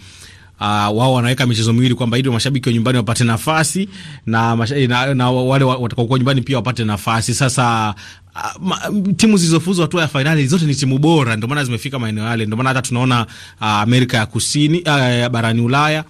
uh, wao wanaweka michezo miwili kwamba ili mashabiki wa nyumbani wapate nafasi na, eh, na, na wale watakaokuwa nyumbani pia wapate nafasi. Sasa ah, timu zilizofuzwa hatua ya fainali zote ni timu bora, ndio maana zimefika maeneo yale, ndio maana hata tunaona uh, Amerika ya Kusini uh, barani Ulaya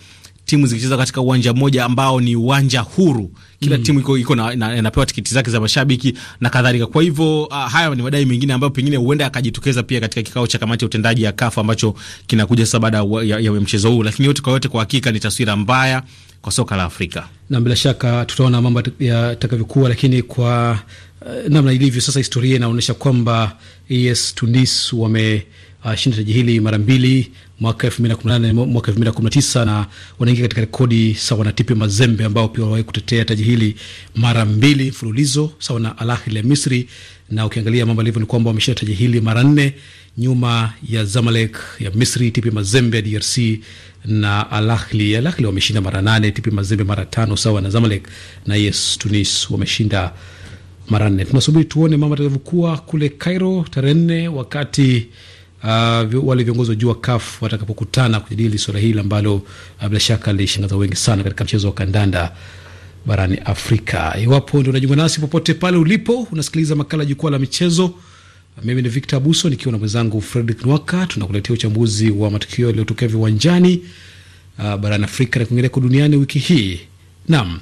timu zikicheza katika uwanja mmoja ambao ni uwanja huru, kila mm. timu iko iko inapewa tiketi zake za mashabiki na kadhalika. Kwa hivyo uh, haya ni madai mengine ambayo pengine huenda yakajitokeza pia katika kikao cha kamati ya utendaji ya CAF ambacho kinakuja sasa baada ya, ya mchezo huu, lakini yote kwa yote, kwa hakika ni taswira mbaya kwa soka la Afrika, na bila shaka tutaona mambo yatakavyokuwa, lakini kwa uh, namna ilivyo sasa, historia inaonyesha kwamba ES Tunis wame ashinda ah, uh, taji hili mara mbili mwaka elfu mbili na kumi nane mwaka elfu 2019, na wanaingia katika rekodi sawa na TP Mazembe ambao pia wawahi kutetea taji hili mara mbili mfululizo sawa na Al Ahly ya Misri. Na ukiangalia mambo alivyo ni kwamba wameshinda taji hili mara nne nyuma ya Zamalek ya Misri, TP Mazembe ya DRC na Al Ahly. Al Ahly wameshinda mara nane, TP Mazembe mara tano sawa na Zamalek, na yes Tunis wameshinda mara nne. Tunasubiri tuone mambo atakavyokuwa kule Cairo tarehe nne wakati uh, wale viongozi wa juu wa watakapokutana kujadili swala hili ambalo uh, bila shaka lilishangaza wengi sana katika mchezo wa kandanda barani Afrika. Iwapo ndio unajiunga nasi popote pale ulipo, unasikiliza makala ya jukwaa la michezo. Mimi ni Victor Abuso nikiwa na mwenzangu Fredrick Nwaka, tunakuletea uchambuzi wa matukio yaliyotokea viwanjani uh, barani Afrika na kwingineko duniani wiki hii. Naam.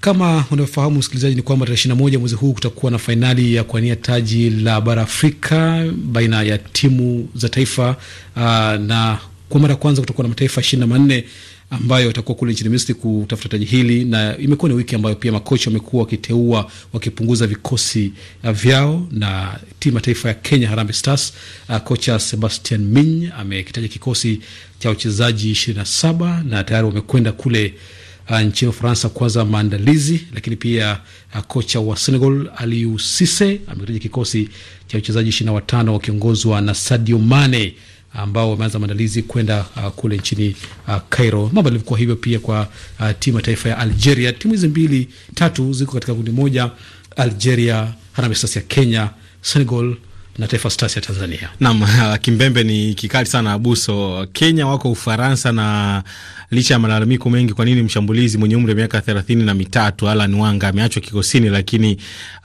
Kama unavyofahamu msikilizaji, ni kwamba tarehe 21 mwezi huu kutakuwa na fainali ya kuania taji la bara Afrika baina ya timu za taifa uh, na kwa mara ya kwanza kutakuwa na mataifa 24 ambayo watakuwa kule nchini Misri kutafuta taji hili, na imekuwa ni wiki ambayo pia makocha wamekuwa wakiteua wakipunguza vikosi ah, vyao, na timu ya taifa ya Kenya Harambee Stars, uh, kocha Sebastian Migne amekitaja kikosi cha wachezaji 27 na tayari wamekwenda kule Ah, nchini Ufaransa kuanza maandalizi, lakini pia uh, kocha wa Senegal Aliou Cisse amekitaja kikosi cha wachezaji ishirini na watano wakiongozwa na Sadio Mane ambao wameanza maandalizi kwenda uh, kule nchini uh, Cairo. Mambo yalivyokuwa hivyo pia kwa uh, timu ya taifa ya Algeria. Timu hizi mbili tatu ziko katika kundi moja, Algeria, Harambee Stars ya Kenya, Senegal na Taifa Stars ya Tanzania. Naam, kimbembe ni kikali sana Abuso. Kenya wako Ufaransa, na licha ya malalamiko mengi, kwa nini mshambulizi mwenye umri wa miaka thelathini na mitatu Alan Wanga ameachwa kikosini, lakini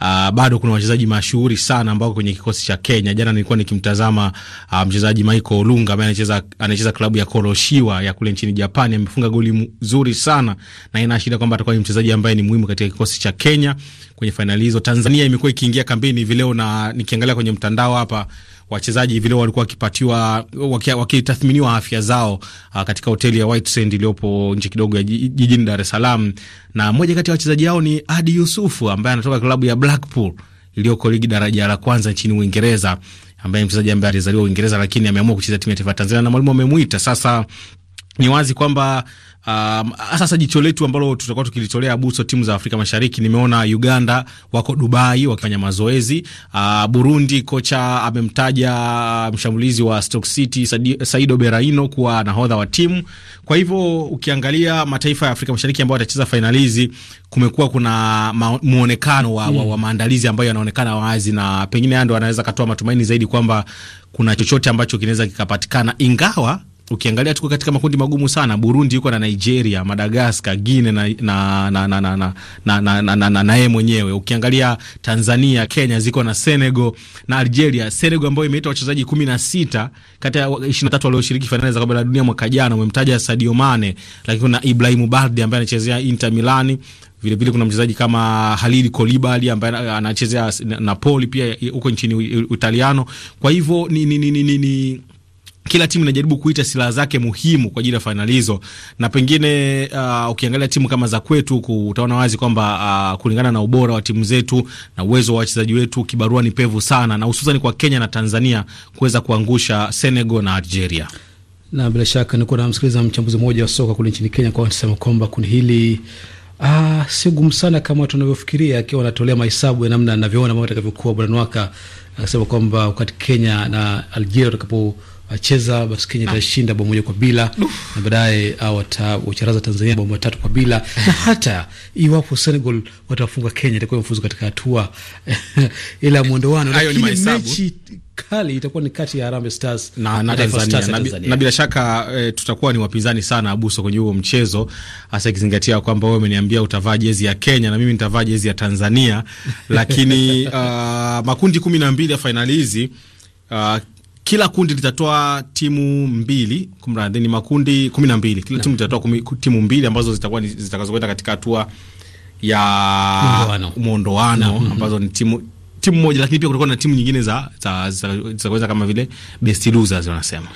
uh, bado kuna wachezaji mashuhuri sana ambao kwenye kikosi cha Kenya. Jana nilikuwa nikimtazama uh, mchezaji Michael Olunga ambaye anacheza anacheza klabu ya Koroshiwa ya kule nchini Japani, amefunga goli nzuri sana na inaashiria kwamba atakuwa ni mchezaji ambaye ni muhimu katika kikosi cha Kenya kwenye fainali hizo. Tanzania imekuwa ikiingia kambini vileo na nikiangalia kwenye mtandao mtandao hapa wachezaji vile walikuwa wakipatiwa wakitathminiwa afya zao a, ah, katika hoteli ya White Sand iliyopo nje kidogo ya jijini Dar es Salaam, na mmoja kati ya wachezaji hao ni Adi Yusufu ambaye anatoka klabu ya Blackpool iliyoko ligi daraja la kwanza nchini Uingereza, ambaye mchezaji ambaye alizaliwa Uingereza lakini ameamua kucheza timu ya taifa Tanzania na mwalimu amemuita. Sasa ni wazi kwamba Um, sasa jicho letu ambalo tutakuwa tukilitolea buso timu za Afrika Mashariki, nimeona Uganda wako Dubai wakifanya mazoezi. Uh, Burundi kocha amemtaja mshambulizi wa Stoke City Saido Beraino kuwa nahodha wa timu. Kwa hivyo ukiangalia mataifa ya Afrika Mashariki ambayo watacheza fainali kumekuwa kuna muonekano wa, mm. wa, wa hmm. maandalizi ambayo yanaonekana wazi na pengine ndio anaweza katoa matumaini zaidi kwamba kuna chochote ambacho kinaweza kikapatikana ingawa ukiangalia tuko katika makundi magumu sana. Burundi yuko na Nigeria, Madagaskar, Guine na na na na na na na na na na naye mwenyewe. Ukiangalia Tanzania, Kenya ziko na Senegal na Algeria. Senegal ambayo imeita wachezaji 16 kati ya 23 walioshiriki fainali za kombe la dunia mwaka jana, umemtaja Sadio Mane, lakini kuna Ibrahim Baldi ambaye anachezea Inter Milani vile vile kuna mchezaji kama Halili Kolibali ambaye anachezea Napoli pia huko nchini Italiano. Kwa hivyo ni ni, ni, ni, ni, ni kila timu inajaribu kuita silaha zake muhimu kwa ajili ya fainali hizo, na pengine uh, ukiangalia timu kama za kwetu huku utaona wazi kwamba uh, kulingana na ubora wa timu zetu na uwezo wa wachezaji wetu, kibarua ni pevu sana, na hususan kwa Kenya na Tanzania kuweza kuangusha Senegal na Algeria. Na bila shaka nilikuwa namsikiliza mchambuzi mmoja wa soka kule nchini Kenya kwa anasema kwamba kundi hili ah, sio gumu sana kama watu wanavyofikiria, akiwa anatolea mahesabu ya namna anavyoona mambo yatakavyokuwa. Bwana Nwaka anasema kwamba wakati Kenya na Algeria watakapo wacheza basi Kenya itashinda bao moja kwa bila na baadaye wacharaza Tanzania bao matatu kwa bila na hata iwapo Senegal watafunga Kenya itakuwa imefuzu katika hatua ila mwondoano, mechi kali itakuwa ni kati ya Harambee Stars na, na Tanzania, Tanzania. Na, na bila shaka e, tutakuwa ni wapinzani sana abuso kwenye huo mchezo, hasa ikizingatia kwamba wewe umeniambia utavaa jezi ya Kenya na mimi nitavaa jezi ya Tanzania, lakini uh, makundi kumi na mbili ya fainali hizi uh, kila kundi litatoa timu mbili, kumradhi, ni makundi kumi na mbili. Kila timu litatoa timu mbili ambazo zitakuwa zitakazokwenda katika hatua ya mwondoano ambazo ni timu timu moja, lakini pia kutakuwa na timu nyingine za zitaweza kama vile best losers wanasema.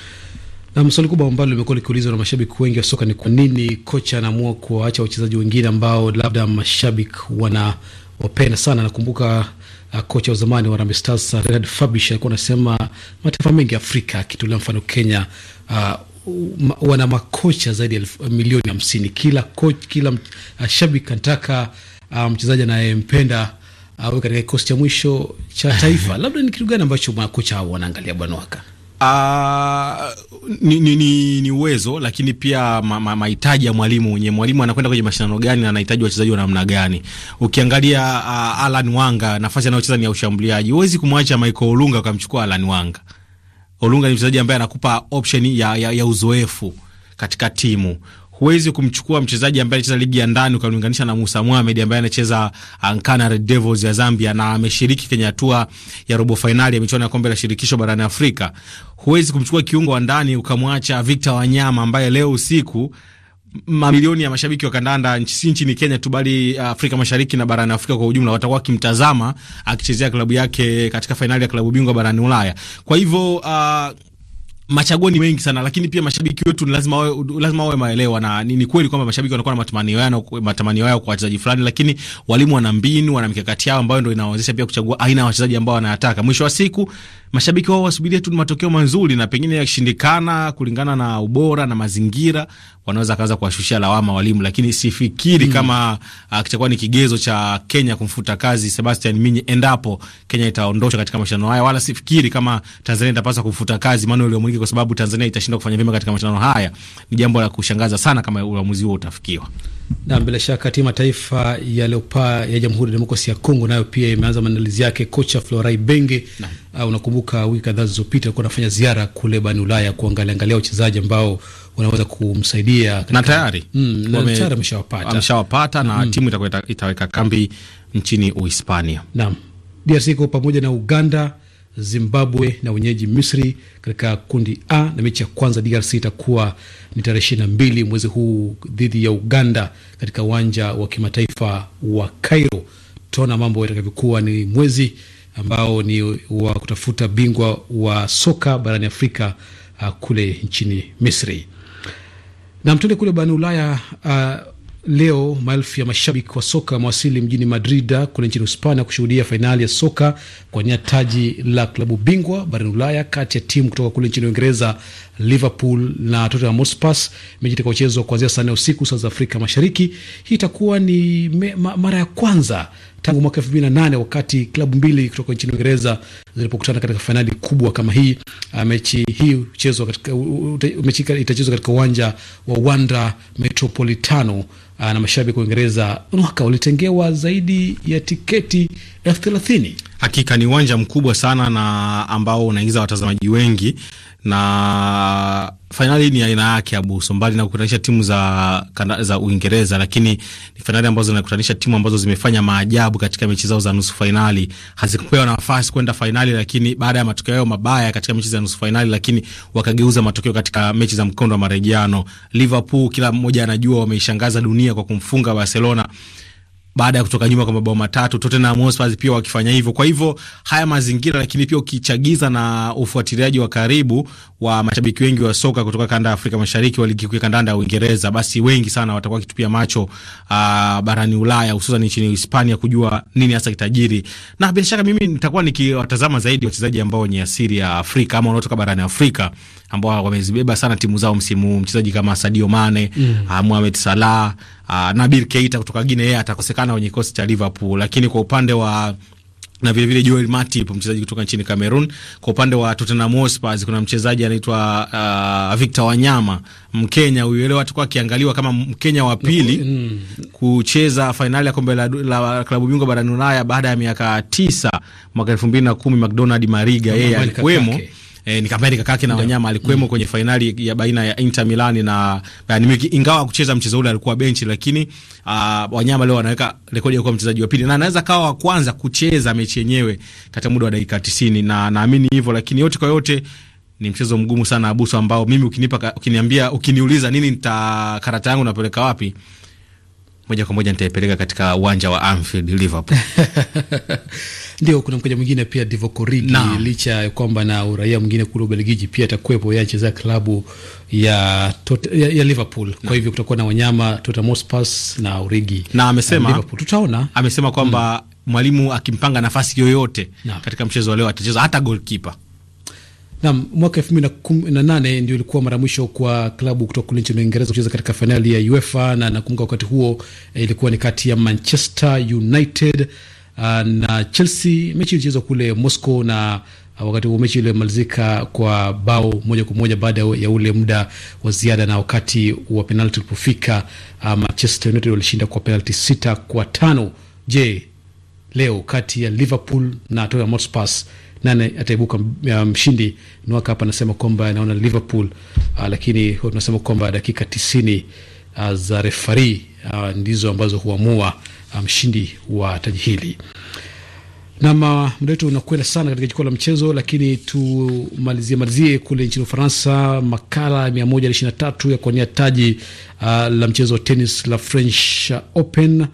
Na swali kubwa ambalo limekuwa likiulizwa na mashabiki wengi wa soka ni kwa nini kocha anaamua kuwaacha wachezaji wengine ambao labda mashabiki wanawapenda sana. Nakumbuka uh, kocha wa zamani wa Harambee Stars uh, Renard Fabish alikuwa anasema mataifa mengi ya Afrika akitolea mfano Kenya uh, wana makocha zaidi ya uh, milioni hamsini. Kila kocha, kila uh, shabiki anataka uh, mchezaji anayempenda uh, awe uh, katika kikosi cha mwisho cha taifa. Labda ni kitu gani ambacho makocha hao wanaangalia, bwana Waka? Uh, ni, ni, ni, ni uwezo lakini pia mahitaji ma, ya mwalimu mwenyewe. Mwalimu anakwenda kwenye mashindano gani na anahitaji wachezaji wa namna gani? Ukiangalia uh, Alan Wanga nafasi anayocheza ni ya ushambuliaji, huwezi kumwacha Michael Olunga ukamchukua Alan Wanga. Olunga ni mchezaji ambaye anakupa option ya, ya, ya uzoefu katika timu huwezi kumchukua mchezaji ambaye anacheza ligi ya ndani ukamlinganisha na Musa Mohamed ambaye anacheza Ankara Red Devils ya Zambia na ameshiriki kwenye hatua ya robo fainali ya michuano ya kombe la shirikisho barani Afrika. Huwezi kumchukua kiungo wa ndani ukamwacha Victor Wanyama ambaye leo usiku mamilioni ya mashabiki wa kandanda si nchini Kenya tu bali uh, Afrika Mashariki na barani Afrika kwa ujumla watakuwa wakimtazama akichezea klabu yake katika fainali ya klabu bingwa barani Ulaya. Kwa hivyo uh, machaguo ni mengi sana, lakini pia mashabiki wetu lazima wawe lazima wawe maelewa, na ni, ni kweli kwamba mashabiki wanakuwa na matamanio yao matamanio yao kwa wachezaji fulani, lakini walimu wana mbinu, wana mikakati yao ambayo ndio inawawezesha pia kuchagua aina ya wachezaji ambao wanayataka. Mwisho wa siku mashabiki wao wasubiria tu matokeo mazuri, na pengine yakishindikana, kulingana na ubora na mazingira, wanaweza kaanza kuwashushia lawama walimu, lakini sifikiri mm, kama uh, kitakuwa ni kigezo cha Kenya kumfuta kazi Sebastian Minyi endapo Kenya itaondoshwa katika mashindano haya, wala sifikiri kama Tanzania itapaswa kumfuta kazi Manuel Omuriki kwa sababu Tanzania itashinda kufanya vyema katika mashindano haya. Ni jambo la kushangaza sana kama uamuzi huo utafikiwa. Na bila shaka timu taifa ya Leopards ya Jamhuri ya Demokrasia ya Kongo nayo pia imeanza maandalizi yake. Kocha Florai Benge na Uh, unakumbuka wiki kadhaa zilizopita kuwa nafanya ziara kule barani Ulaya kuangalia angalia wachezaji ambao wanaweza kumsaidia na tayari ameshawapata mm, ameshawapata na mm. timu itakuwa itaweka kambi nchini Uhispania. Naam, DRC iko pamoja na Uganda, Zimbabwe na wenyeji Misri katika kundi A, na mechi ya kwanza DRC itakuwa ni tarehe ishirini na mbili mwezi huu dhidi ya Uganda katika uwanja wa kimataifa wa Cairo. Tutaona mambo yatakavyokuwa ni mwezi ambao ni wa kutafuta bingwa wa soka barani Afrika uh, kule nchini Misri. Na mtende kule barani Ulaya uh, Leo maelfu ya mashabiki wa soka wamewasili mjini Madrid kule nchini Hispania kushuhudia fainali ya soka kuwania taji la klabu bingwa barani Ulaya kati ya timu kutoka kule nchini Uingereza, Liverpool na Tottenham Hotspur. Mechi itakayochezwa kuanzia saa nne usiku saa za Afrika Mashariki. Hii itakuwa ni me, ma, mara ya kwanza tangu mwaka nane wakati klabu mbili kutoka nchini Uingereza zilipokutana katika fainali kubwa kama hii. Uh, mechi hii itachezwa katika uwanja wa Wanda Metropolitano uh, na mashabiki wa Uingereza mwaka walitengewa zaidi ya tiketi elfu thelathini. Hakika ni uwanja mkubwa sana na ambao unaingiza watazamaji wengi na fainali ni aina yake abuso mbali na kukutanisha timu za, za Uingereza, lakini ni fainali ambazo zinakutanisha timu ambazo zimefanya maajabu katika mechi zao za nusu fainali. Hazikupewa nafasi kwenda fainali, lakini baada ya matokeo yao mabaya katika mechi za nusu fainali, lakini wakageuza matokeo katika mechi za mkondo wa marejiano Liverpool, kila mmoja anajua wameishangaza dunia kwa kumfunga Barcelona baada ya kutoka nyuma kwa mabao matatu, Tottenham Hotspur pia wakifanya hivyo. Kwa hivyo haya mazingira, lakini pia ukichagiza na ufuatiliaji wa karibu wa mashabiki wengi wa soka kutoka kanda ya Afrika Mashariki wa ligi kuu ya kandanda ya Uingereza, basi wengi sana watakuwa wakitupia macho uh, barani Ulaya, hususan nchini Hispania kujua nini hasa kitajiri, na bila shaka mimi nitakuwa nikiwatazama zaidi wachezaji ambao wenye asili ya Afrika ama wanaotoka barani Afrika ambao wamezibeba sana timu zao msimu huu, mchezaji kama Sadio Mane mm, uh, Mohamed Salah Ah, Nabil Keita kutoka Guinea, yeye atakosekana kwenye kikosi cha Liverpool, lakini kwa upande wa na vile vile Joel Matip mchezaji kutoka nchini Cameroon. Kwa upande wa Tottenham Hotspur kuna mchezaji anaitwa uh, Victor Wanyama, Mkenya huyu, leo atakuwa akiangaliwa kama Mkenya wa pili mm. kucheza fainali ya kombe la, la klabu bingwa barani Ulaya baada ya miaka tisa. Mwaka kumi McDonald Mariga yeye alikuwemo eh, ni kambaye kaka na wanyama alikuwemo mm. kwenye fainali ya baina ya Inter Milan na Bayern Munich, ingawa kucheza mchezo ule alikuwa benchi, lakini uh, wanyama leo anaweka rekodi ya kuwa mchezaji wa pili na anaweza kawa wa kwanza kucheza mechi yenyewe katika muda wa dakika 90 na naamini hivyo, lakini yote kwa yote ni mchezo mgumu sana Abuso, ambao mimi ukinipa, ukiniambia, ukiniuliza nini nita karata yangu napeleka wapi moja kwa moja nitaipeleka katika uwanja wa Anfield Liverpool. Ndio, kuna mkoja mwingine pia Divock Origi no. licha ya kwamba na uraia mwingine kule Ubelgiji pia atakuwepo, ya anachezea klabu ya, ya, ya Liverpool no. kwa hivyo kutakuwa na wanyama Tottenham Hotspur na Origi na amesema tutaona, amesema kwamba mm. mwalimu akimpanga nafasi yoyote no. katika mchezo wa leo atacheza hata goalkeeper Naam, mwaka elfu mbili na nane ndio ilikuwa mara mwisho kwa klabu kutoka kule nchini Uingereza kucheza katika fainali ya UEFA, na nakumbuka wakati huo eh, ilikuwa ni kati ya Manchester United uh, na Chelsea. Mechi ilichezwa kule Moscow na ah, wakati huo mechi iliyomalizika kwa bao moja kwa moja baada ya ule muda wa ziada na wakati wa penalti ulipofika, uh, ah, Manchester United walishinda kwa penalti sita kwa tano. Je, leo kati ya Liverpool na Tottenham Hotspur nane ataibuka uh, mshindi. Nwaka hapa anasema kwamba anaona Liverpool, uh, lakini tunasema kwamba dakika tisini uh, za refari uh, ndizo ambazo huamua uh, mshindi um, wa taji hili nama uh, muda wetu unakwenda sana katika jukwaa la mchezo, lakini tumalizie malizie kule nchini Ufaransa. Makala mia moja na tatu ya kuwania taji uh, la mchezo wa tenis la French Open uh,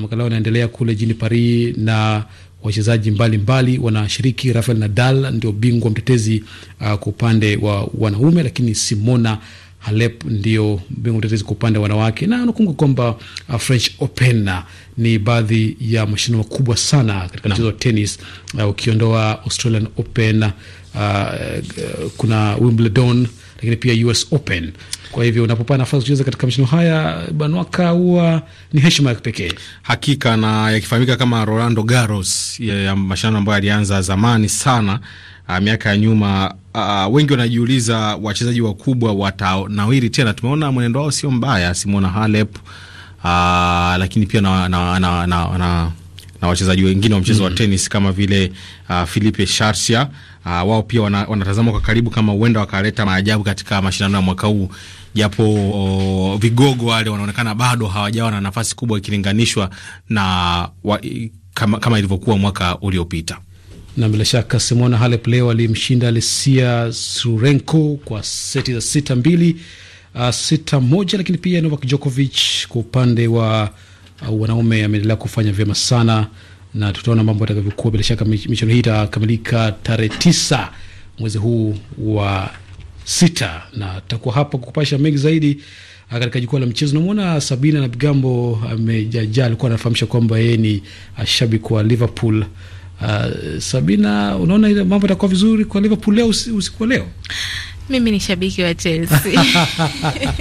makala yao anaendelea kule jijini Paris na wachezaji mbalimbali wanashiriki. Rafael Nadal ndio bingwa mtetezi uh, kwa upande wa wanaume, lakini Simona Halep ndio bingwa mtetezi kwa upande wa wanawake, na anakumbuka kwamba uh, French Open uh, ni baadhi ya mashindano makubwa sana katika mchezo wa tenis. Uh, ukiondoa Australian Open uh, uh, kuna Wimbledon lakini pia US Open. Kwa hivyo unapopata nafasi kucheza katika mashindano haya Banwaka, huwa ni heshima ya kipekee hakika, na yakifahamika kama Rolando Garros ya ya mashindano ambayo alianza zamani sana uh, miaka ya nyuma. Uh, wengi wanajiuliza wachezaji wakubwa watanawiri tena. Tumeona mwenendo wao sio mbaya, Simona Halep uh, lakini pia na, na, na, na, na, na wachezaji wengine wa mchezo mm -hmm. wa tenis kama vile uh, Philippe Sharsia uh, wao pia wana, wanatazama kwa karibu kama huenda wakaleta maajabu katika mashindano ya mwaka huu, japo vigogo wale wanaonekana bado hawajawa na nafasi kubwa ikilinganishwa na wa, kama, kama ilivyokuwa mwaka uliopita na bila shaka Simona Halep leo alimshinda Alesia Surenko kwa seti za sita mbili uh, sita moja. Lakini pia Novak Djokovic kwa upande wa uh, wanaume ameendelea kufanya vyema sana na tutaona mambo yatakavyokuwa. Bila shaka michuano hii itakamilika tarehe tisa mwezi huu wa sita, na tutakuwa hapa kukupasha mengi zaidi ah, katika jukwaa la mchezo. Namwona Sabina na Bigambo amejaja, ah, alikuwa anafahamisha kwamba yeye ni ah, shabiki wa Liverpool. Uh, Sabina, unaona mambo yatakuwa vizuri kwa Liverpool leo usiku wa leo? Mimi ni shabiki wa Chelsea.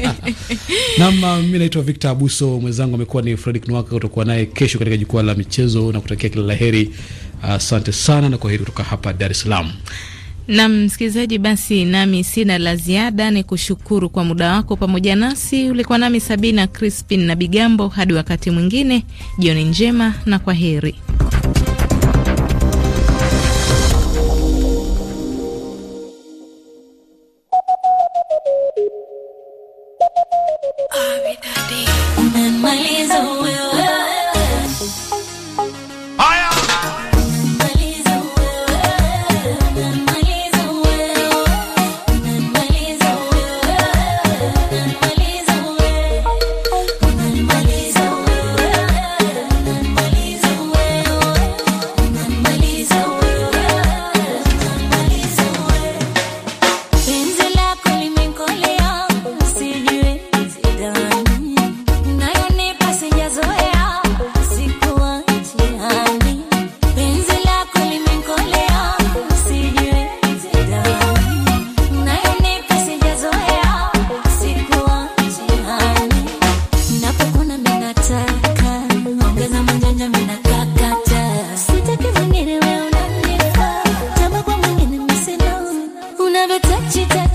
Naam, uh, mimi naitwa Victor Abuso, mwenzangu amekuwa ni Fredrick Nwaka, kutokuwa naye kesho katika jukwaa la michezo na kutakia kila laheri. Uh, asante uh, sana na kwa heri kutoka hapa Dar es Salaam. Na msikilizaji, basi nami sina la ziada, ni kushukuru kwa muda wako pamoja nasi. Ulikuwa nami Sabina Crispin na Bigambo. Hadi wakati mwingine, jioni njema na kwa heri.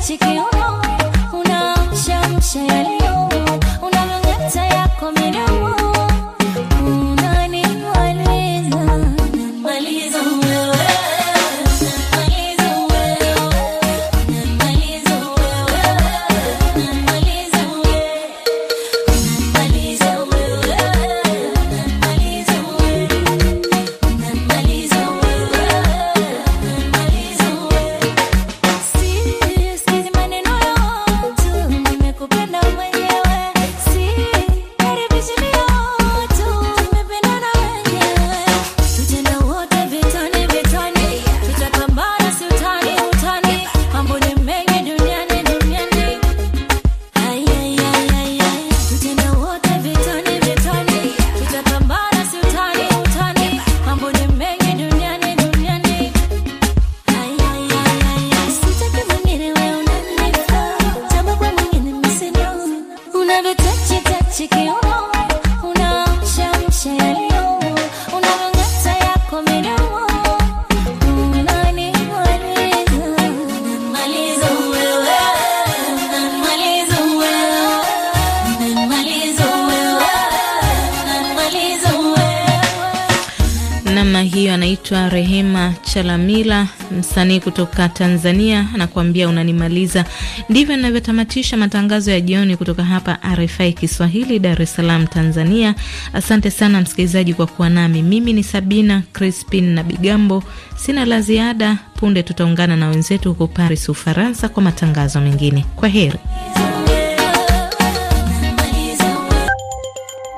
she can't msanii kutoka Tanzania anakuambia unanimaliza. Ndivyo ninavyotamatisha matangazo ya jioni kutoka hapa RFI Kiswahili, Dar es Salaam, Tanzania. Asante sana msikilizaji kwa kuwa nami. Mimi ni Sabina Crispin na Bigambo. Sina la ziada, punde tutaungana na wenzetu huko Paris, Ufaransa, kwa matangazo mengine. Kwa heri.